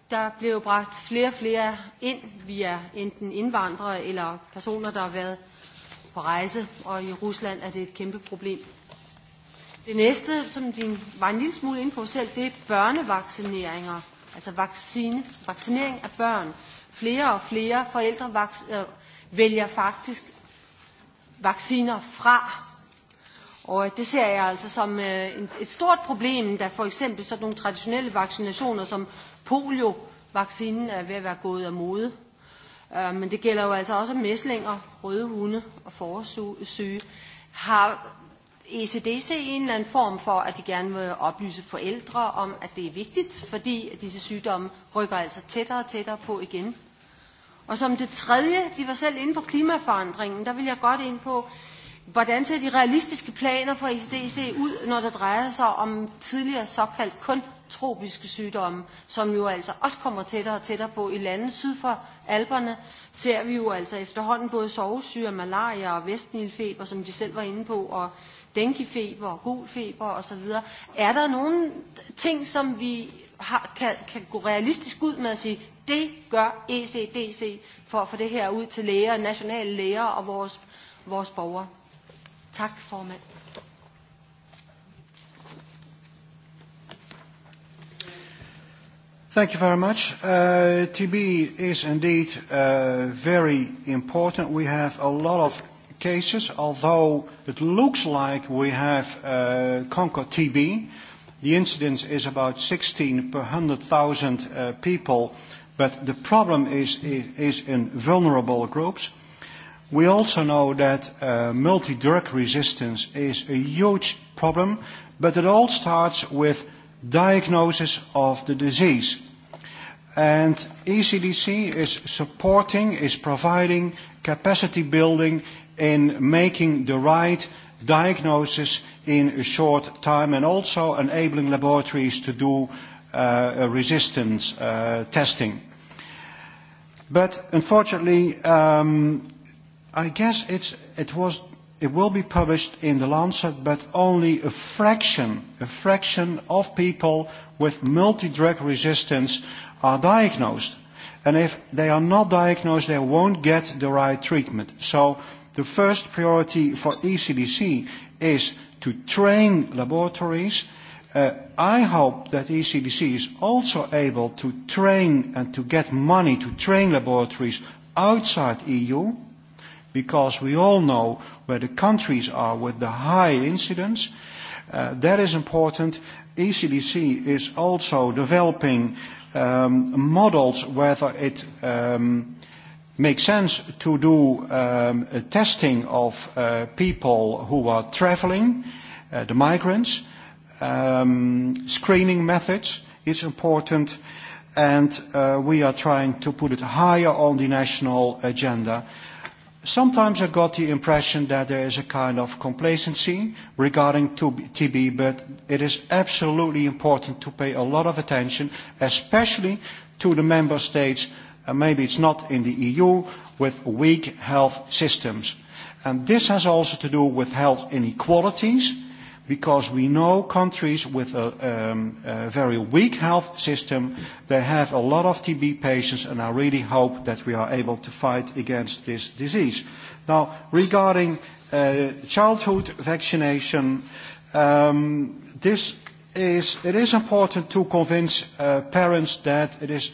der blev bragt flere og flere ind via enten indvandrere eller personer, der har været på rejse, og i Rusland er det et kæmpe problem. Det næste, som din var en lille smule inde på selv, det er børnevaccineringer, altså vaccine, vaccinering af børn. Flere og flere forældre vaks, øh, vælger faktisk vacciner fra. Og det ser jeg altså som øh, et stort problem, da for eksempel sådan nogle traditionelle vaccinationer som poliovaccinen er ved at være gået af mode. Øh, men det gælder jo altså også mæslinger, røde hunde og forårssyge. Har ECDC en eller anden form for, at de gerne vil oplyse forældre om, at det er vigtigt, fordi disse sygdomme rykker altså tættere og tættere på igen? Og som det tredje, de var selv inde på klimaforandringen, der vil jeg godt ind på, hvordan ser de realistiske planer for ECDC ud, når det drejer sig om tidligere såkaldt kun tropiske sygdomme, som jo altså også kommer tættere og tættere på. I lande syd for alberne ser vi jo altså efterhånden både sovesyre, malaria og vestnilfeber, som de selv var inde på, og denguefeber og gulfeber osv. Er der nogle ting, som vi har, kan, kan gå realistisk ud med at sige, det gør ECDC for at få det her ud til læger, nationale læger og vores, vores borgere? Tak, formand. Thank you very much. Uh, TB is indeed uh, very important. We have a lot of cases, although it looks like we have uh, conquered TB. The incidence is about 16 per 100,000 uh, people, but the problem is, is in vulnerable groups. We also know that uh, multi-drug resistance is a huge problem, but it all starts with – diagnosis of the disease. And ECDC is supporting, is providing capacity building in making the right diagnosis in a short time and also enabling laboratories to do uh, resistance uh, testing. But unfortunately, um, I guess it's, it was it will be published in the Lancet, but only a fraction, a fraction of people with multi-drug resistance are diagnosed. And if they are not diagnosed, they won't get the right treatment. So the first priority for ECDC is to train laboratories. Uh, I hope that ECDC is also able to train and to get money to train laboratories outside EU because we all know where the countries are with the high incidence. Uh, that is important. ECDC is also developing um, models whether it um, makes sense to do um, a testing of uh, people who are traveling, uh, the migrants, um, screening methods is important, and uh, we are trying to put it higher on the national agenda uh, Sometimes I got the impression that there is a kind of complacency regarding TB, but it is absolutely important to pay a lot of attention, especially to the member states, and uh, maybe it's not in the EU, with weak health systems. And this has also to do with health inequalities, because we know countries with a, um, a very weak health system, they have a lot of TB patients, and I really hope that we are able to fight against this disease. Now, regarding uh, childhood vaccination, um, this is, it is important to convince uh, parents that it is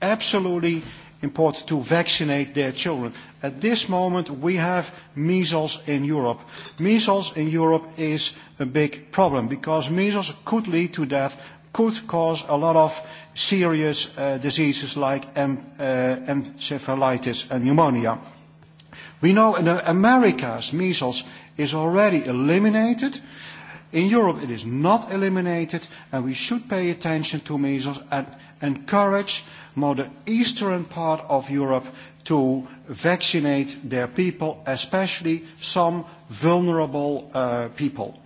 absolutely uh, important to vaccinate their children. At this moment, we have measles in Europe. Measles in Europe is a big problem because measles could lead to death, could cause a lot of serious uh, diseases like em uh, encephalitis and pneumonia. We know in the Americas, measles is already eliminated. In Europe, it is not eliminated, and we should pay attention to measles and encourage more the eastern part of Europe to vaccinate their people, especially some vulnerable uh, people.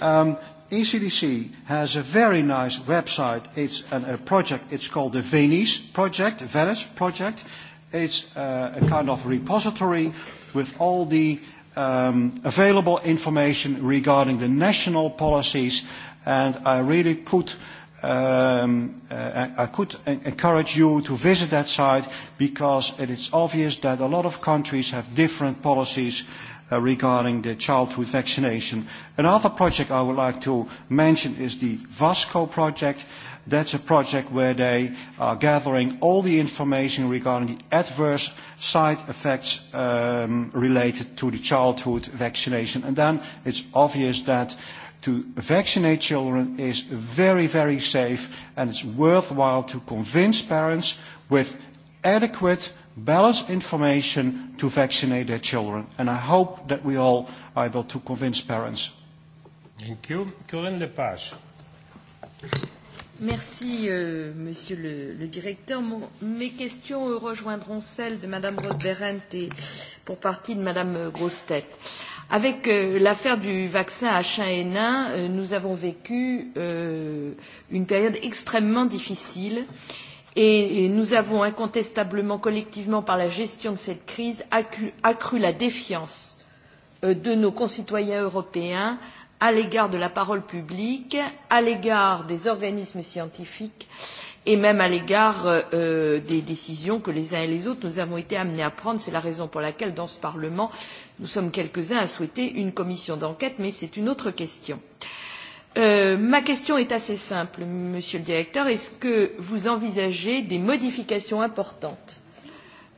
Um, ECDC has a very nice website. It's an, a project. It's called the Venice Project, Venice Project. It's uh, a kind of repository with all the um, available information regarding the national policies, and I really could uh, um, uh, I could encourage you to visit that site because it is obvious that a lot of countries have different policies uh, regarding the childhood vaccination. Another project I would like to mention is the VASCO project. That's a project where they are gathering all the information regarding the adverse side effects um, related to the childhood vaccination. And then it's obvious that uh, to vaccinate children is very, very safe, and it's worthwhile to convince parents with adequate, balanced information to vaccinate their children. And I hope that we all are able to convince parents. Thank you. Corinne Lepage. Merci, euh, Monsieur le, le Directeur. Mon, mes questions rejoindront celles de Madame Roth-Berendt et pour partie de Madame Grosse-Tête. Euh, Avec euh, l'affaire du vaccin H1N1, euh, nous avons vécu euh, une période extrêmement difficile et, et nous avons incontestablement, collectivement, par la gestion de cette crise, accru, accru la défiance euh, de nos concitoyens européens à l'égard de la parole publique, à l'égard des organismes scientifiques euh, et même à l'égard euh, euh, des décisions que les uns et les autres nous avons été amenés à prendre. C'est la raison pour laquelle, dans ce Parlement, nous sommes quelques-uns à souhaiter une commission d'enquête, mais c'est une autre question. Euh, ma question est assez simple, monsieur le directeur. Est-ce que vous envisagez des modifications importantes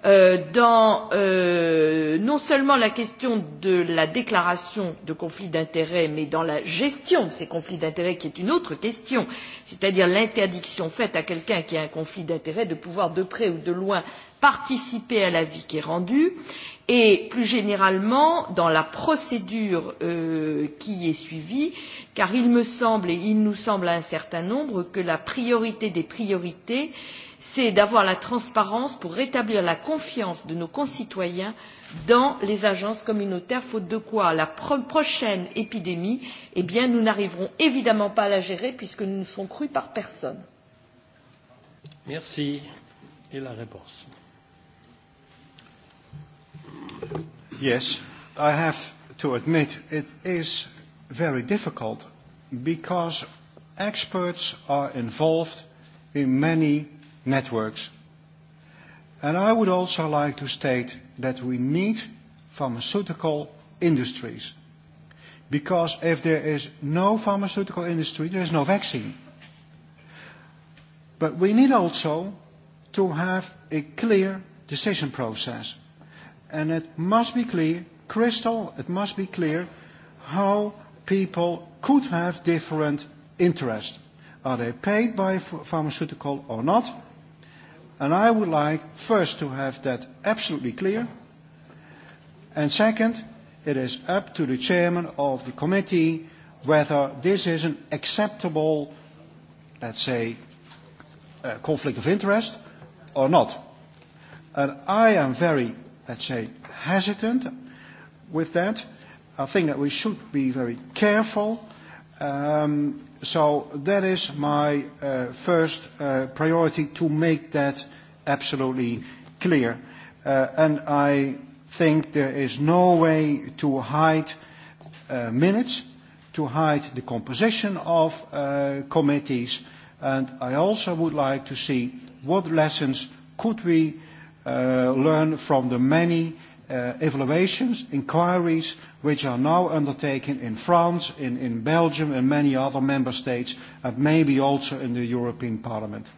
euh, dans euh, non seulement la question de la déclaration de conflit d'intérêts, mais dans la gestion de ces conflits d'intérêts, qui est une autre question, c'est-à-dire l'interdiction faite à quelqu'un qui a un conflit d'intérêts de pouvoir de près ou de loin participer à la vie qui est rendue, et plus généralement dans la procédure euh, qui y est suivie, car il me semble et il nous semble à un certain nombre que la priorité des priorités euh, c'est d'avoir la transparence pour rétablir la confiance de nos concitoyens dans les agences communautaires, faute de quoi, à la pro prochaine épidémie, eh bien, nous n'arriverons évidemment pas à la gérer puisque nous ne sommes crus par personne. Merci. Et la réponse. Yes, I have to admit it is very difficult because experts are involved in many networks. And I would also like to state that we need pharmaceutical industries, because if there is no pharmaceutical industry, there is no vaccine. But we need also to have a clear decision process, and it must be clear, crystal, it must be clear how people could have different interests. Are they paid by pharmaceutical or not? And I would like first to have that absolutely clear. And second, it is up to the chairman of the committee whether this is an acceptable, let's say, uh, conflict of interest or not. And I am very, let's say, hesitant with that. I think that we should be very careful um, So that is my uh, first uh, priority to make that absolutely clear. Uh, and I think there is no way to hide uh, minutes, to hide the composition of uh, committees. And I also would like to see what lessons could we uh, learn from the many uh, uh, evaluations, inquiries, which are now undertaken in France, in, in Belgium, and many other member states, and maybe also in the European Parliament.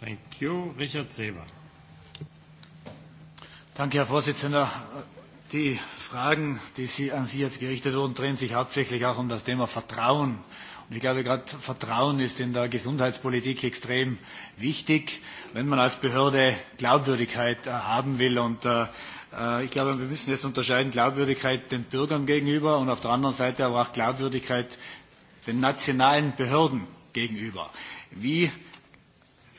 Thank you. Richard Seber. Danke, Herr Vorsitzender. Die Fragen, die Sie an Sie jetzt gerichtet wurden, drehen sich hauptsächlich auch um das Thema Vertrauen. Äh, Und ich glaube, gerade Vertrauen ist in der Gesundheitspolitik extrem wichtig, wenn man als Behörde Glaubwürdigkeit äh, haben will. Und äh, äh, ich glaube, wir müssen jetzt unterscheiden Glaubwürdigkeit den Bürgern gegenüber und auf der anderen Seite aber auch Glaubwürdigkeit den nationalen Behörden gegenüber. Wie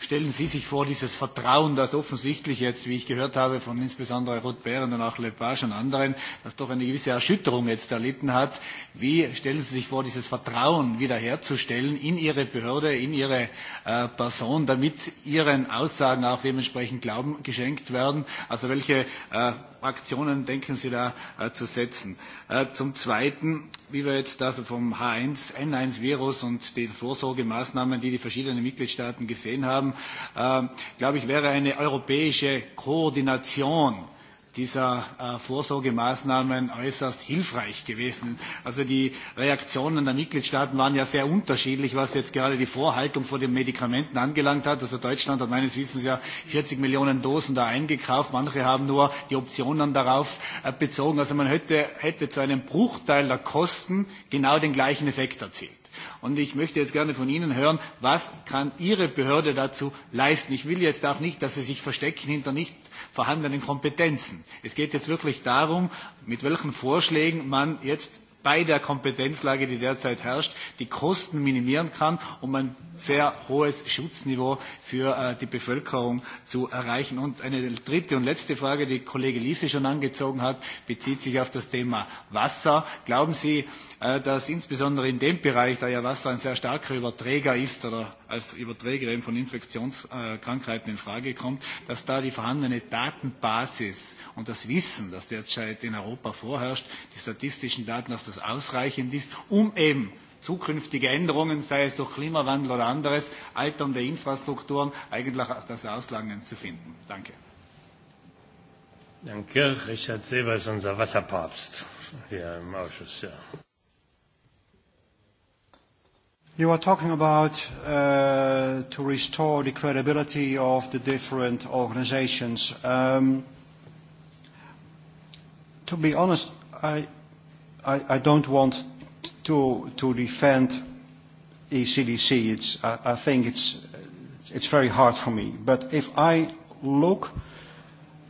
stellen Sie sich vor, dieses Vertrauen, das offensichtlich jetzt, wie ich gehört habe, von insbesondere Ruth Behrendt und auch Lepage und anderen, das doch eine gewisse Erschütterung jetzt erlitten hat. Wie stellen Sie sich vor, dieses Vertrauen wiederherzustellen in Ihre Behörde, in Ihre äh, Person, damit Ihren Aussagen auch dementsprechend Glauben geschenkt werden? Also welche äh, Aktionen denken Sie da äh, zu setzen? Äh, zum Zweiten, wie wir jetzt also vom H1N1-Virus und den Vorsorgemaßnahmen, die die verschiedenen Mitgliedstaaten gesehen haben, äh, glaube ich, wäre eine europäische Koordination äh, dieser äh, Vorsorgemaßnahmen äußerst hilfreich gewesen. Also die Reaktionen der Mitgliedstaaten waren ja sehr unterschiedlich, was jetzt gerade die Vorhaltung vor den Medikamenten angelangt hat. Also Deutschland hat meines Wissens ja 40 Millionen Dosen da eingekauft. Manche haben nur die Optionen darauf äh, bezogen. Also man hätte, hätte zu einem Bruchteil der Kosten genau den gleichen Effekt erzielt. Und ich möchte jetzt gerne von Ihnen hören, was kann Ihre Behörde dazu leisten? Ich will jetzt auch nicht, dass Sie sich verstecken hinter nicht vorhandenen Kompetenzen. Es geht jetzt wirklich darum, mit welchen Vorschlägen man jetzt bei der Kompetenzlage, die derzeit herrscht, die Kosten minimieren kann, um ein sehr hohes Schutzniveau für äh, die Bevölkerung zu erreichen. Und eine dritte und letzte Frage, die Kollege Liese schon angezogen hat, bezieht sich auf das Thema Wasser. Glauben Sie, Äh, dass insbesondere in dem Bereich, da ja Wasser ein sehr starker Überträger ist oder als Überträger eben von Infektionskrankheiten in Frage kommt, dass da die vorhandene Datenbasis und das Wissen, das derzeit in Europa vorherrscht, die statistischen Daten, dass das ausreichend ist, um eben zukünftige Änderungen, sei es durch Klimawandel oder anderes, alternde Infrastrukturen, eigentlich auch das Auslangen zu finden. Danke. Danke. Richard Seber ist unser Wasserpapst hier im Ausschuss. Ja. You are talking about uh, to restore the credibility of the different organizations. Um, to be honest, I, I, I don't want to, to defend ECDC. It's, I, I think it's, it's very hard for me. But if I look,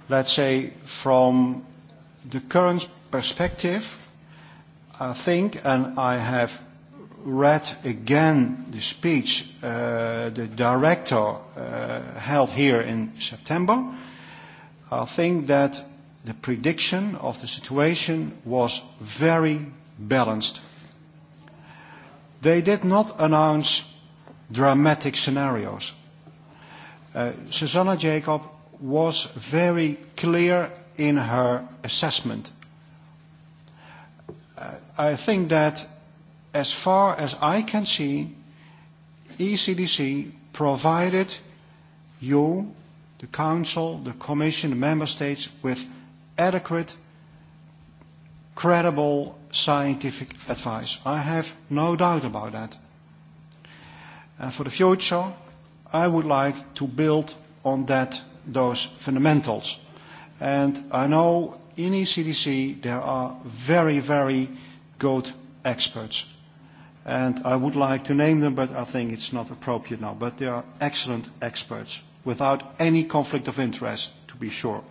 let's say, from the current perspective, I think, and I have read again the speech uh, the director uh, held here in September, I think that the prediction of the situation was very balanced. They did not announce dramatic scenarios. Uh, Susanna Jacob was very clear in her assessment. Uh, I think that as far as I can see, ECDC provided you, the Council, the Commission, the Member States, with adequate, credible scientific advice. I have no doubt about that. And for the future, I would like to build on that, those fundamentals. And I know in ECDC there are very, very good experts and I would like to name them, but I think it's not appropriate now. But they are excellent experts, without any conflict of interest, to be sure.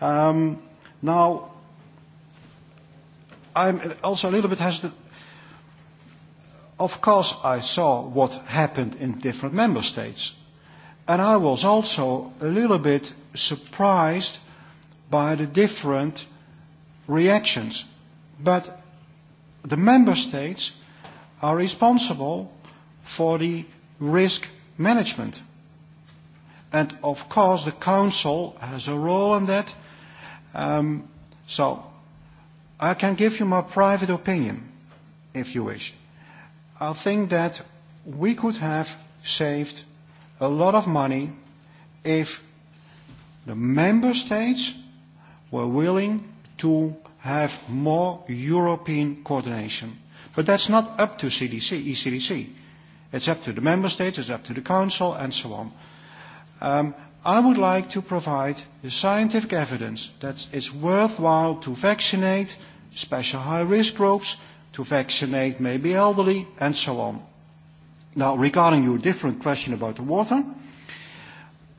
Um, now, I'm also a little bit hesitant. Of course, I saw what happened in different member states, and I was also a little bit surprised by the different reactions. But the member states are responsible for the risk management. And of course, the council has a role in that. Um, so I can give you my private opinion, if you wish. I think that we could have saved a lot of money if the member states were willing to have more European coordination. But that's not up to CDC, ECDC. It's up to the member states, it's up to the council, and so on. Um, I would like to provide the scientific evidence that it's worthwhile to vaccinate special high-risk groups, to vaccinate maybe elderly, and so on. Now, regarding your different question about the water,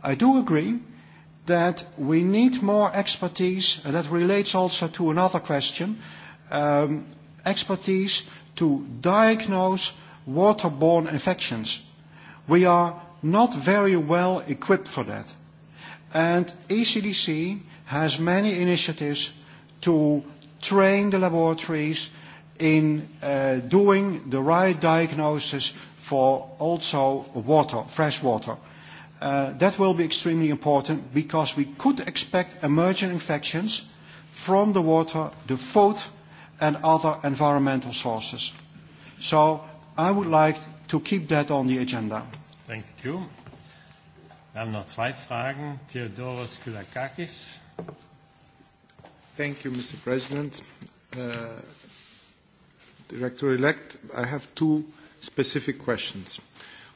I do agree that we need more expertise, and that relates also to another question, um, expertise to diagnose waterborne infections. We are not very well equipped for that. And ECDC has many initiatives to train the laboratories in uh, doing the right diagnosis for also water, fresh water. Uh, that will be extremely important because we could expect emergent infections from the water, the food, and other environmental sources. So I would like to keep that on the agenda. Thank you. Wir haben noch zwei Fragen. Theodoros Koulakakis. Thank you, Mr. President. Uh, Director-elect, I have two specific questions.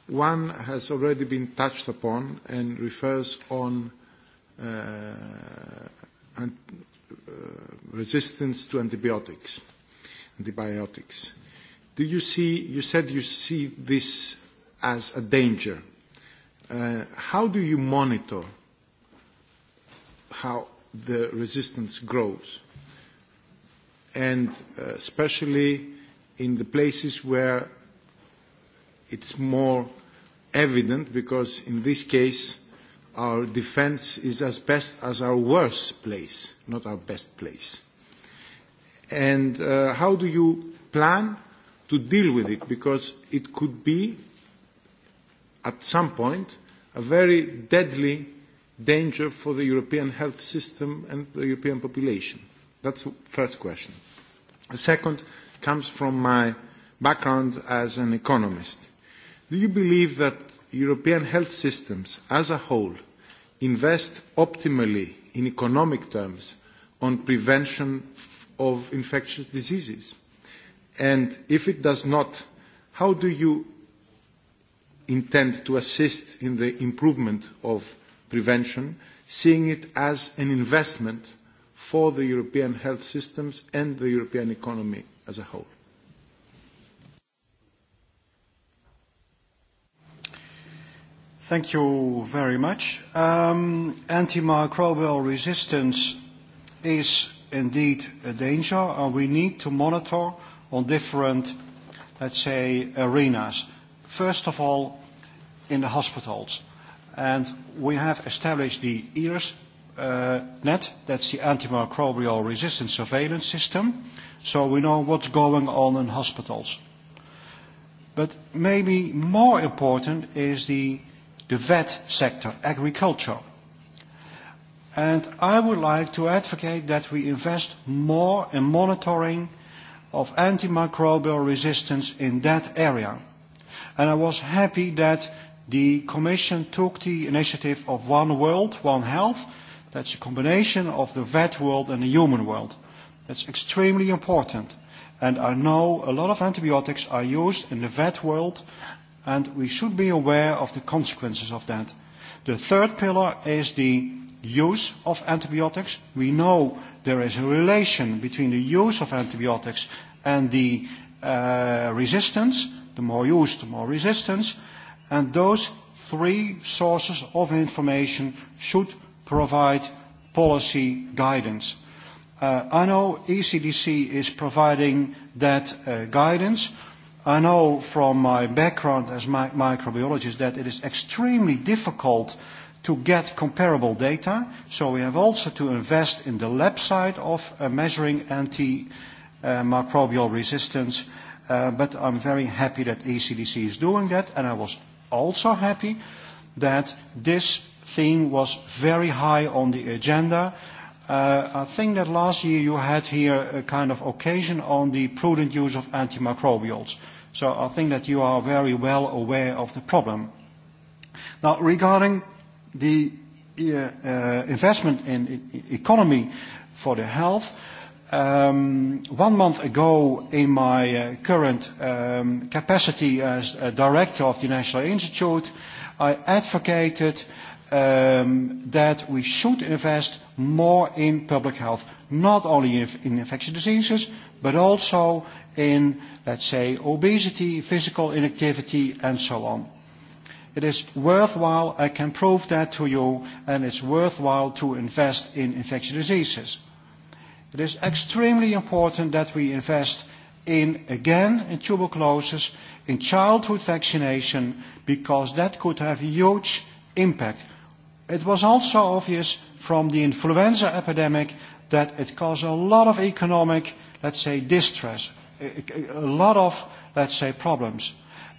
One has already been touched upon and refers on uh, Uh, resistance to antibiotics, antibiotics. Do you see, you said you see this as a danger. Uh, how do you monitor how the resistance grows? And uh, especially in the places where it's more evident, because in this case, our defense is as best as our worst place, not our best place. And uh, how do you plan to deal with it? Because it could be, at some point, a very deadly danger for the European health system and the European population. That's the first question. The second comes from my background as an economist. Do you believe that European health systems as a whole invest optimally in economic terms on prevention of infectious diseases? And if it does not, how do you intend to assist in the improvement of prevention, seeing it as an investment for the European health systems and the European economy as a whole? Thank you very much. Um, antimicrobial resistance is indeed a danger, and we need to monitor on different, let's say, arenas. First of all, in the hospitals. And we have established the ERS uh, net, that's the antimicrobial resistance surveillance system, so we know what's going on in hospitals. But maybe more important is the the vet sector, agriculture. And I would like to advocate that we invest more in monitoring of antimicrobial resistance in that area. And I was happy that the Commission took the initiative of One World, One Health. That's a combination of the vet world and the human world. That's extremely important. And I know a lot of antibiotics are used in the vet world and we should be aware of the consequences of that. The third pillar is the use of antibiotics. We know there is a relation between the use of antibiotics and the uh, resistance. The more used, the more resistance. And those three sources of information should provide policy guidance. Uh, I know ECDC is providing that uh, guidance. Uh, I know from my background as my microbiologist that it is extremely difficult to get comparable data, so we have also to invest in the lab side of uh, measuring antimicrobial uh, resistance. Uh, but I'm very happy that ECDC is doing that, and I was also happy that this theme was very high on the agenda Uh, I think that last year you had here a kind of occasion on the prudent use of antimicrobials. So I think that you are very well aware of the problem. Now, regarding the uh, uh, investment in e-, e-, economy for the health, um, one month ago, in my uh, current um, capacity as uh, director of the National Institute, I advocated uh, um, that we should invest more in public health, not only in, in infectious diseases, but also in, let's say, obesity, physical inactivity, and so on. It is worthwhile, I can prove that to you, and it's worthwhile to invest in infectious diseases. It is extremely important that we invest in, again, in tuberculosis, in childhood vaccination, because that could have huge impact. It was also obvious from the influenza epidemic that it caused a lot of economic, let's say, distress, e-, e-, e-, a lot of, let's say, problems.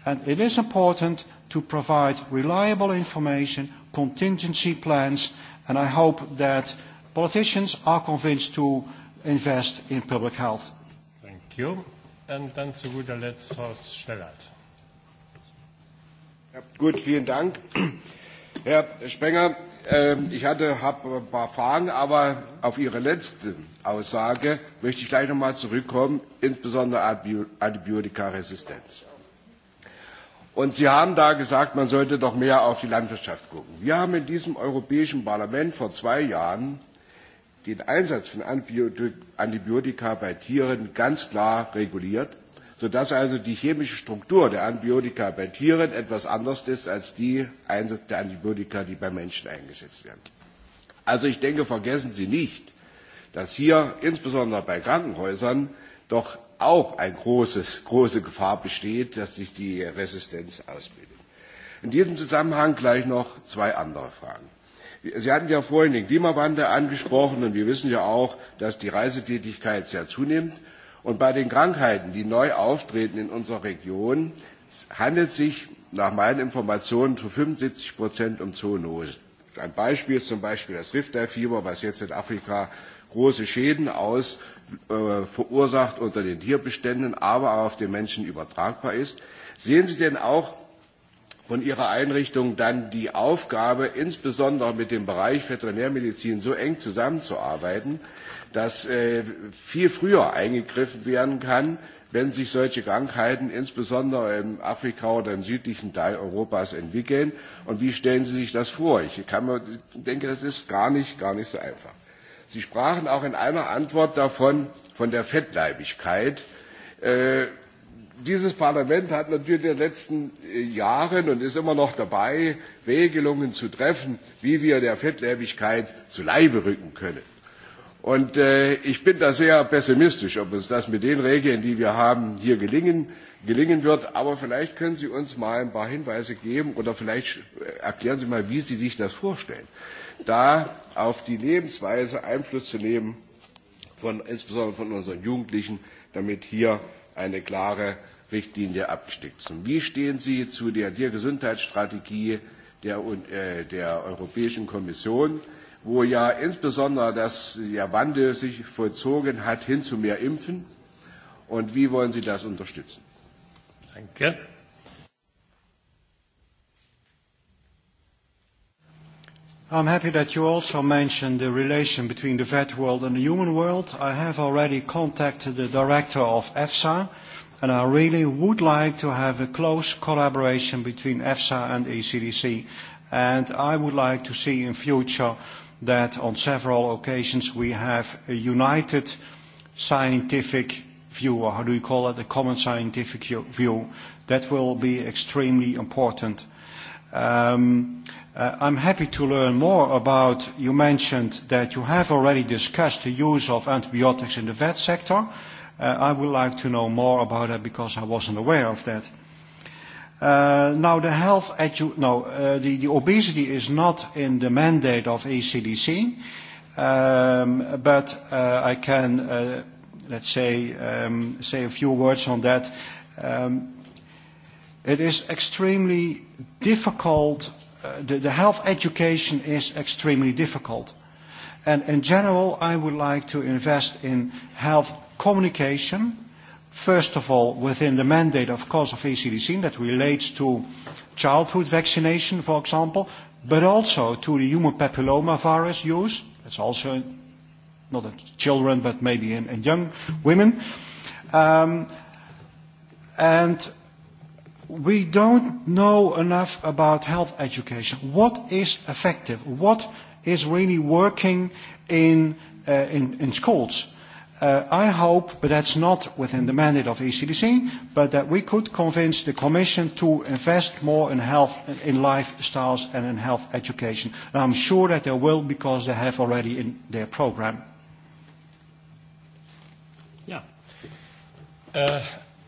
And it is important to provide reliable information, contingency plans, and I hope that politicians are convinced to invest in public health. Thank you. Und dann zu guter Letzt Horst Schnellert. Ja, gut, vielen Dank. Herr Spenger, ähm, ich hatte hab ein paar Fragen, aber auf Ihre letzte Aussage möchte ich gleich nochmal zurückkommen, insbesondere Antibiotikaresistenz. Und Sie haben da gesagt, man sollte doch mehr auf die Landwirtschaft gucken. Wir haben in diesem Europäischen Parlament vor zwei Jahren den Einsatz von Antibiotika bei Tieren ganz klar reguliert sodass also die chemische Struktur der Antibiotika bei Tieren etwas anders ist als die Einsatz der Antibiotika, die bei Menschen eingesetzt werden. Also ich denke, vergessen Sie nicht, dass hier insbesondere bei Krankenhäusern doch auch eine großes, große Gefahr besteht, dass sich die Resistenz ausbildet. In diesem Zusammenhang gleich noch zwei andere Fragen. Sie hatten ja vorhin den Klimawandel angesprochen und wir wissen ja auch, dass die Reisetätigkeit sehr zunimmt Und bei den Krankheiten, die neu auftreten in unserer Region, handelt es sich nach meinen Informationen zu 75 Prozent um Zoonosen. Ein Beispiel ist zum Beispiel das Riftei-Fieber, was jetzt in Afrika große Schäden aus äh, verursacht unter den Tierbeständen, aber auch auf den Menschen übertragbar ist. Sehen Sie denn auch von Ihrer Einrichtung dann die Aufgabe, insbesondere mit dem Bereich Veterinärmedizin so eng zusammenzuarbeiten, dass äh, viel früher eingegriffen werden kann, wenn sich solche Krankheiten insbesondere in Afrika oder im südlichen Teil Europas entwickeln. Und wie stellen Sie sich das vor? Ich kann mir, denke, das ist gar nicht, gar nicht so einfach. Sie sprachen auch in einer Antwort davon, von der Fettleibigkeit. Äh, dieses Parlament hat natürlich in den letzten äh, Jahren und ist immer noch dabei, Regelungen zu treffen, wie wir der Fettleibigkeit zu Leibe rücken können. Und äh, ich bin da sehr pessimistisch, ob uns das mit den Regeln, die wir haben, hier gelingen, gelingen wird. Aber vielleicht können Sie uns mal ein paar Hinweise geben oder vielleicht äh, erklären Sie mal, wie Sie sich das vorstellen, da auf die Lebensweise Einfluss zu nehmen, von, insbesondere von unseren Jugendlichen, damit hier eine klare Richtlinie abgesteckt ist. Und wie stehen Sie zu der Tiergesundheitsstrategie der, äh, der Europäischen Kommission? Äh, wo ja insbesondere das, der Wandel sich vollzogen hat hin zu mehr Impfen. Und wie wollen Sie das unterstützen? Danke. I'm happy that you also mentioned the relation between the vet world and the human world. I have already contacted the director of EFSA, and I really would like to have a close collaboration between EFSA and ECDC. And I would like to see in future uh, that on several occasions we have a united scientific view, or how do you call it, a common scientific view. That will be extremely important. Um, uh, I'm happy to learn more about, you mentioned that you have already discussed the use of antibiotics in the vet sector. Uh, I would like to know more about that because I wasn't aware of that. Uh, Uh, now, the health edu- no, uh, the, the obesity is not in the mandate of ACDC, um, but uh, I can, uh, let's say, um, say a few words on that. Um, it is extremely difficult. Uh, the, the health education is extremely difficult. And in general, I would like to invest in health communication First of all, within the mandate, of course, of ACDC, that relates to childhood vaccination, for example, but also to the human papillomavirus use. That's also in, not in children, but maybe in, in young women. Um, and we don't know enough about health education. What is effective? What is really working in, uh, in, in schools? Uh, I hope, but that's not within the mandate of ECDC, but that we could convince the Commission to invest more in health, in lifestyles and in health education. And I'm sure that they will because they have already in their program. Ja. Äh,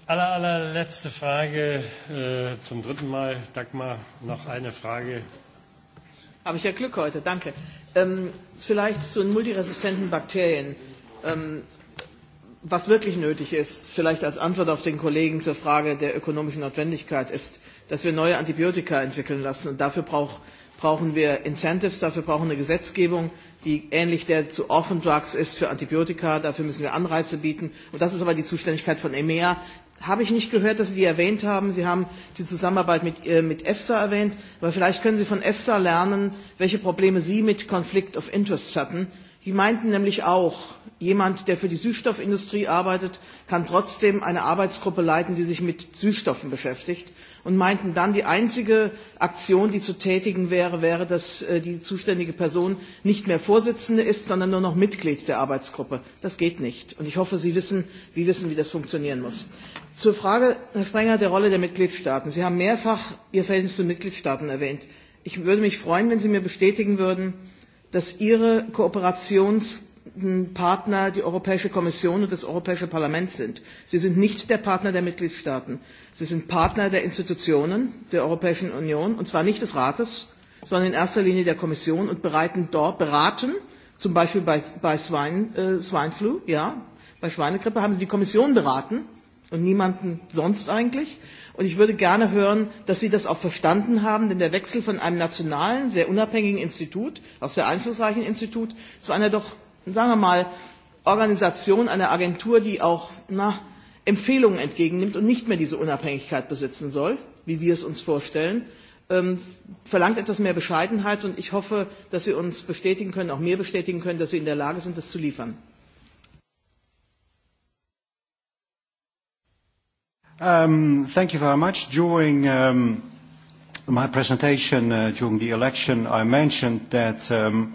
aller, allerletzte Frage äh, zum dritten Mal. Dagmar, noch eine Frage. Habe ich ja Glück heute, danke. Ähm, vielleicht zu den multiresistenten Bakterien. Ähm, was wirklich nötig ist, vielleicht als Antwort auf den Kollegen zur Frage der ökonomischen Notwendigkeit, ist, dass wir neue Antibiotika entwickeln lassen. Und dafür brauch, brauchen wir Incentives, dafür brauchen wir eine Gesetzgebung, die ähnlich der zu Orphan Drugs ist für Antibiotika. Dafür müssen wir Anreize bieten. Und das ist aber die Zuständigkeit von EMEA. Habe ich nicht gehört, dass Sie die erwähnt haben. Sie haben die Zusammenarbeit mit, äh, mit EFSA erwähnt. Aber vielleicht können Sie von EFSA lernen, welche Probleme Sie mit Conflict of Interests hatten Die meinten nämlich auch, jemand, der für die Süßstoffindustrie arbeitet, kann trotzdem eine Arbeitsgruppe leiten, die sich mit Süßstoffen beschäftigt und meinten dann, die einzige Aktion, die zu tätigen wäre, wäre, dass äh, die zuständige Person nicht mehr Vorsitzende ist, sondern nur noch Mitglied der Arbeitsgruppe. Das geht nicht. Und ich hoffe, Sie wissen, wie wissen, wie das funktionieren muss. Zur Frage, Herr Sprenger, der Rolle der Mitgliedstaaten. Sie haben mehrfach Ihr Verhältnis zu Mitgliedstaaten erwähnt. Ich würde mich freuen, wenn Sie mir bestätigen würden, dass ihre Kooperationspartner die Europäische Kommission und das Europäische Parlament sind. Sie sind nicht der Partner der Mitgliedstaaten. Sie sind Partner der Institutionen der Europäischen Union, und zwar nicht des Rates, sondern in erster Linie der Kommission und bereiten dort, beraten, zum Beispiel bei, bei Swine, äh, Swine Flu, ja, bei Schweinegrippe haben sie die Kommission beraten und niemanden sonst eigentlich. Und ich würde gerne hören, dass Sie das auch verstanden haben, denn der Wechsel von einem nationalen, sehr unabhängigen Institut, auch sehr einflussreichen Institut, zu einer doch, sagen wir mal, Organisation, einer Agentur, die auch na, Empfehlungen entgegennimmt und nicht mehr diese Unabhängigkeit besitzen soll, wie wir es uns vorstellen, ähm, verlangt etwas mehr Bescheidenheit und ich hoffe, dass Sie uns bestätigen können, auch mir bestätigen können, dass Sie in der Lage sind, das zu liefern. Um, thank you very much. During um, my presentation uh, during the election, I mentioned that, um,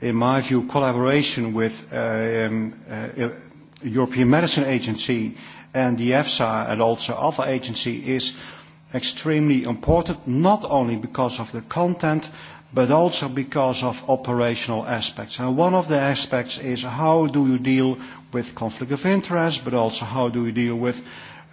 in my view, collaboration with uh, um, uh, e-, European Medicine Agency and the EFSA and also other agency is extremely important, not only because of the content, but also because of operational aspects. And one of the aspects is how do you deal with conflict of interest, but also how do you deal with uh,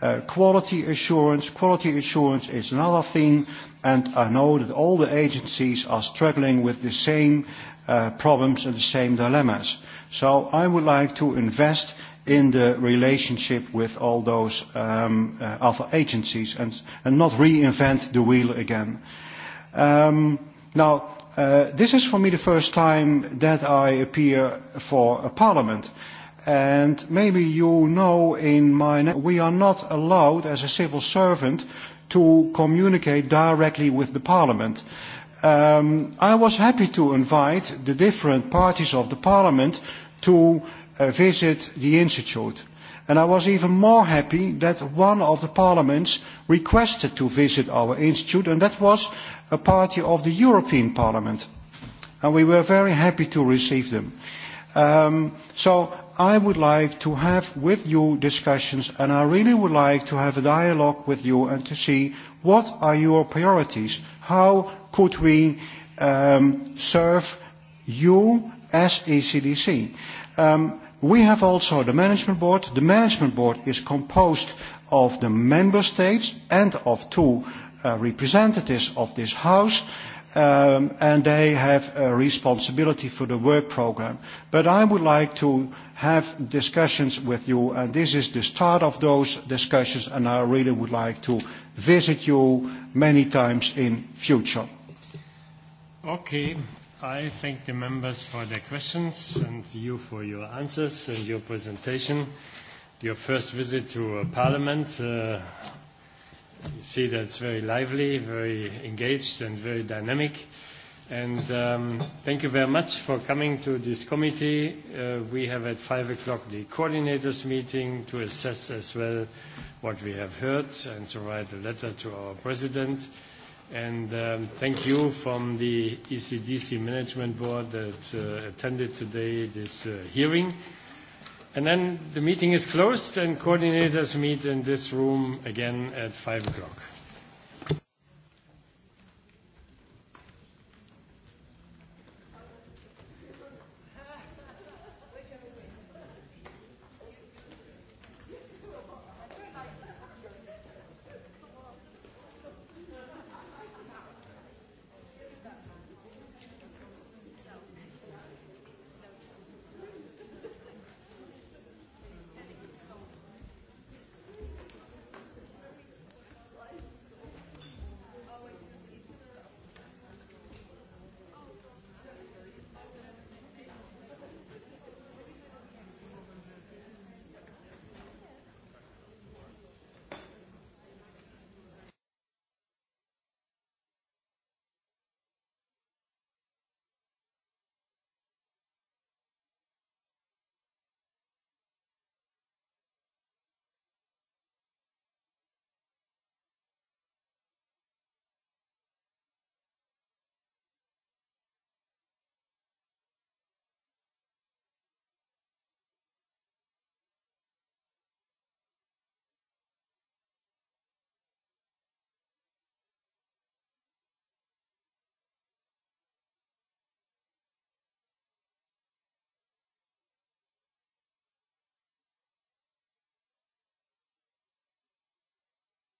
Uh, quality assurance, quality assurance is another thing, and I know that all the agencies are struggling with the same uh, problems and the same dilemmas. So I would like to invest in the relationship with all those um, uh, other agencies and, and not reinvent the wheel again. Um, now, uh, this is for me the first time that I appear for a parliament. Uh, And maybe you know in my, we are not allowed as a civil servant to communicate directly with the parliament. Um, I was happy to invite the different parties of the parliament to uh, visit the institute. And I was even more happy that one of the parliaments requested to visit our institute, and that was a party of the European Parliament. And we were very happy to receive them. Um, so I would like to have with you discussions, and I really would like to have a dialogue with you and to see what are your priorities. How could we um, serve you as ECDC? Um, we have also the management board. The management board is composed of the member states and of two uh, representatives of this house um, and they have a responsibility for the work program. But I would like to have discussions with you, and this is the start of those discussions, and I really would like to visit you many times in future. Okay. I thank the members for their questions and you for your answers and your presentation. Your first visit to uh, Parliament, uh, you see that's very lively, very engaged, and very dynamic. And um, thank you very much for coming to this committee. Uh, we have at 5 o'clock the coordinators meeting to assess as well what we have heard and to write a letter to our president. And um, thank you from the ECDC Management Board that uh, attended today this uh, hearing. And then the meeting is closed and coordinators meet in this room again at 5 o'clock.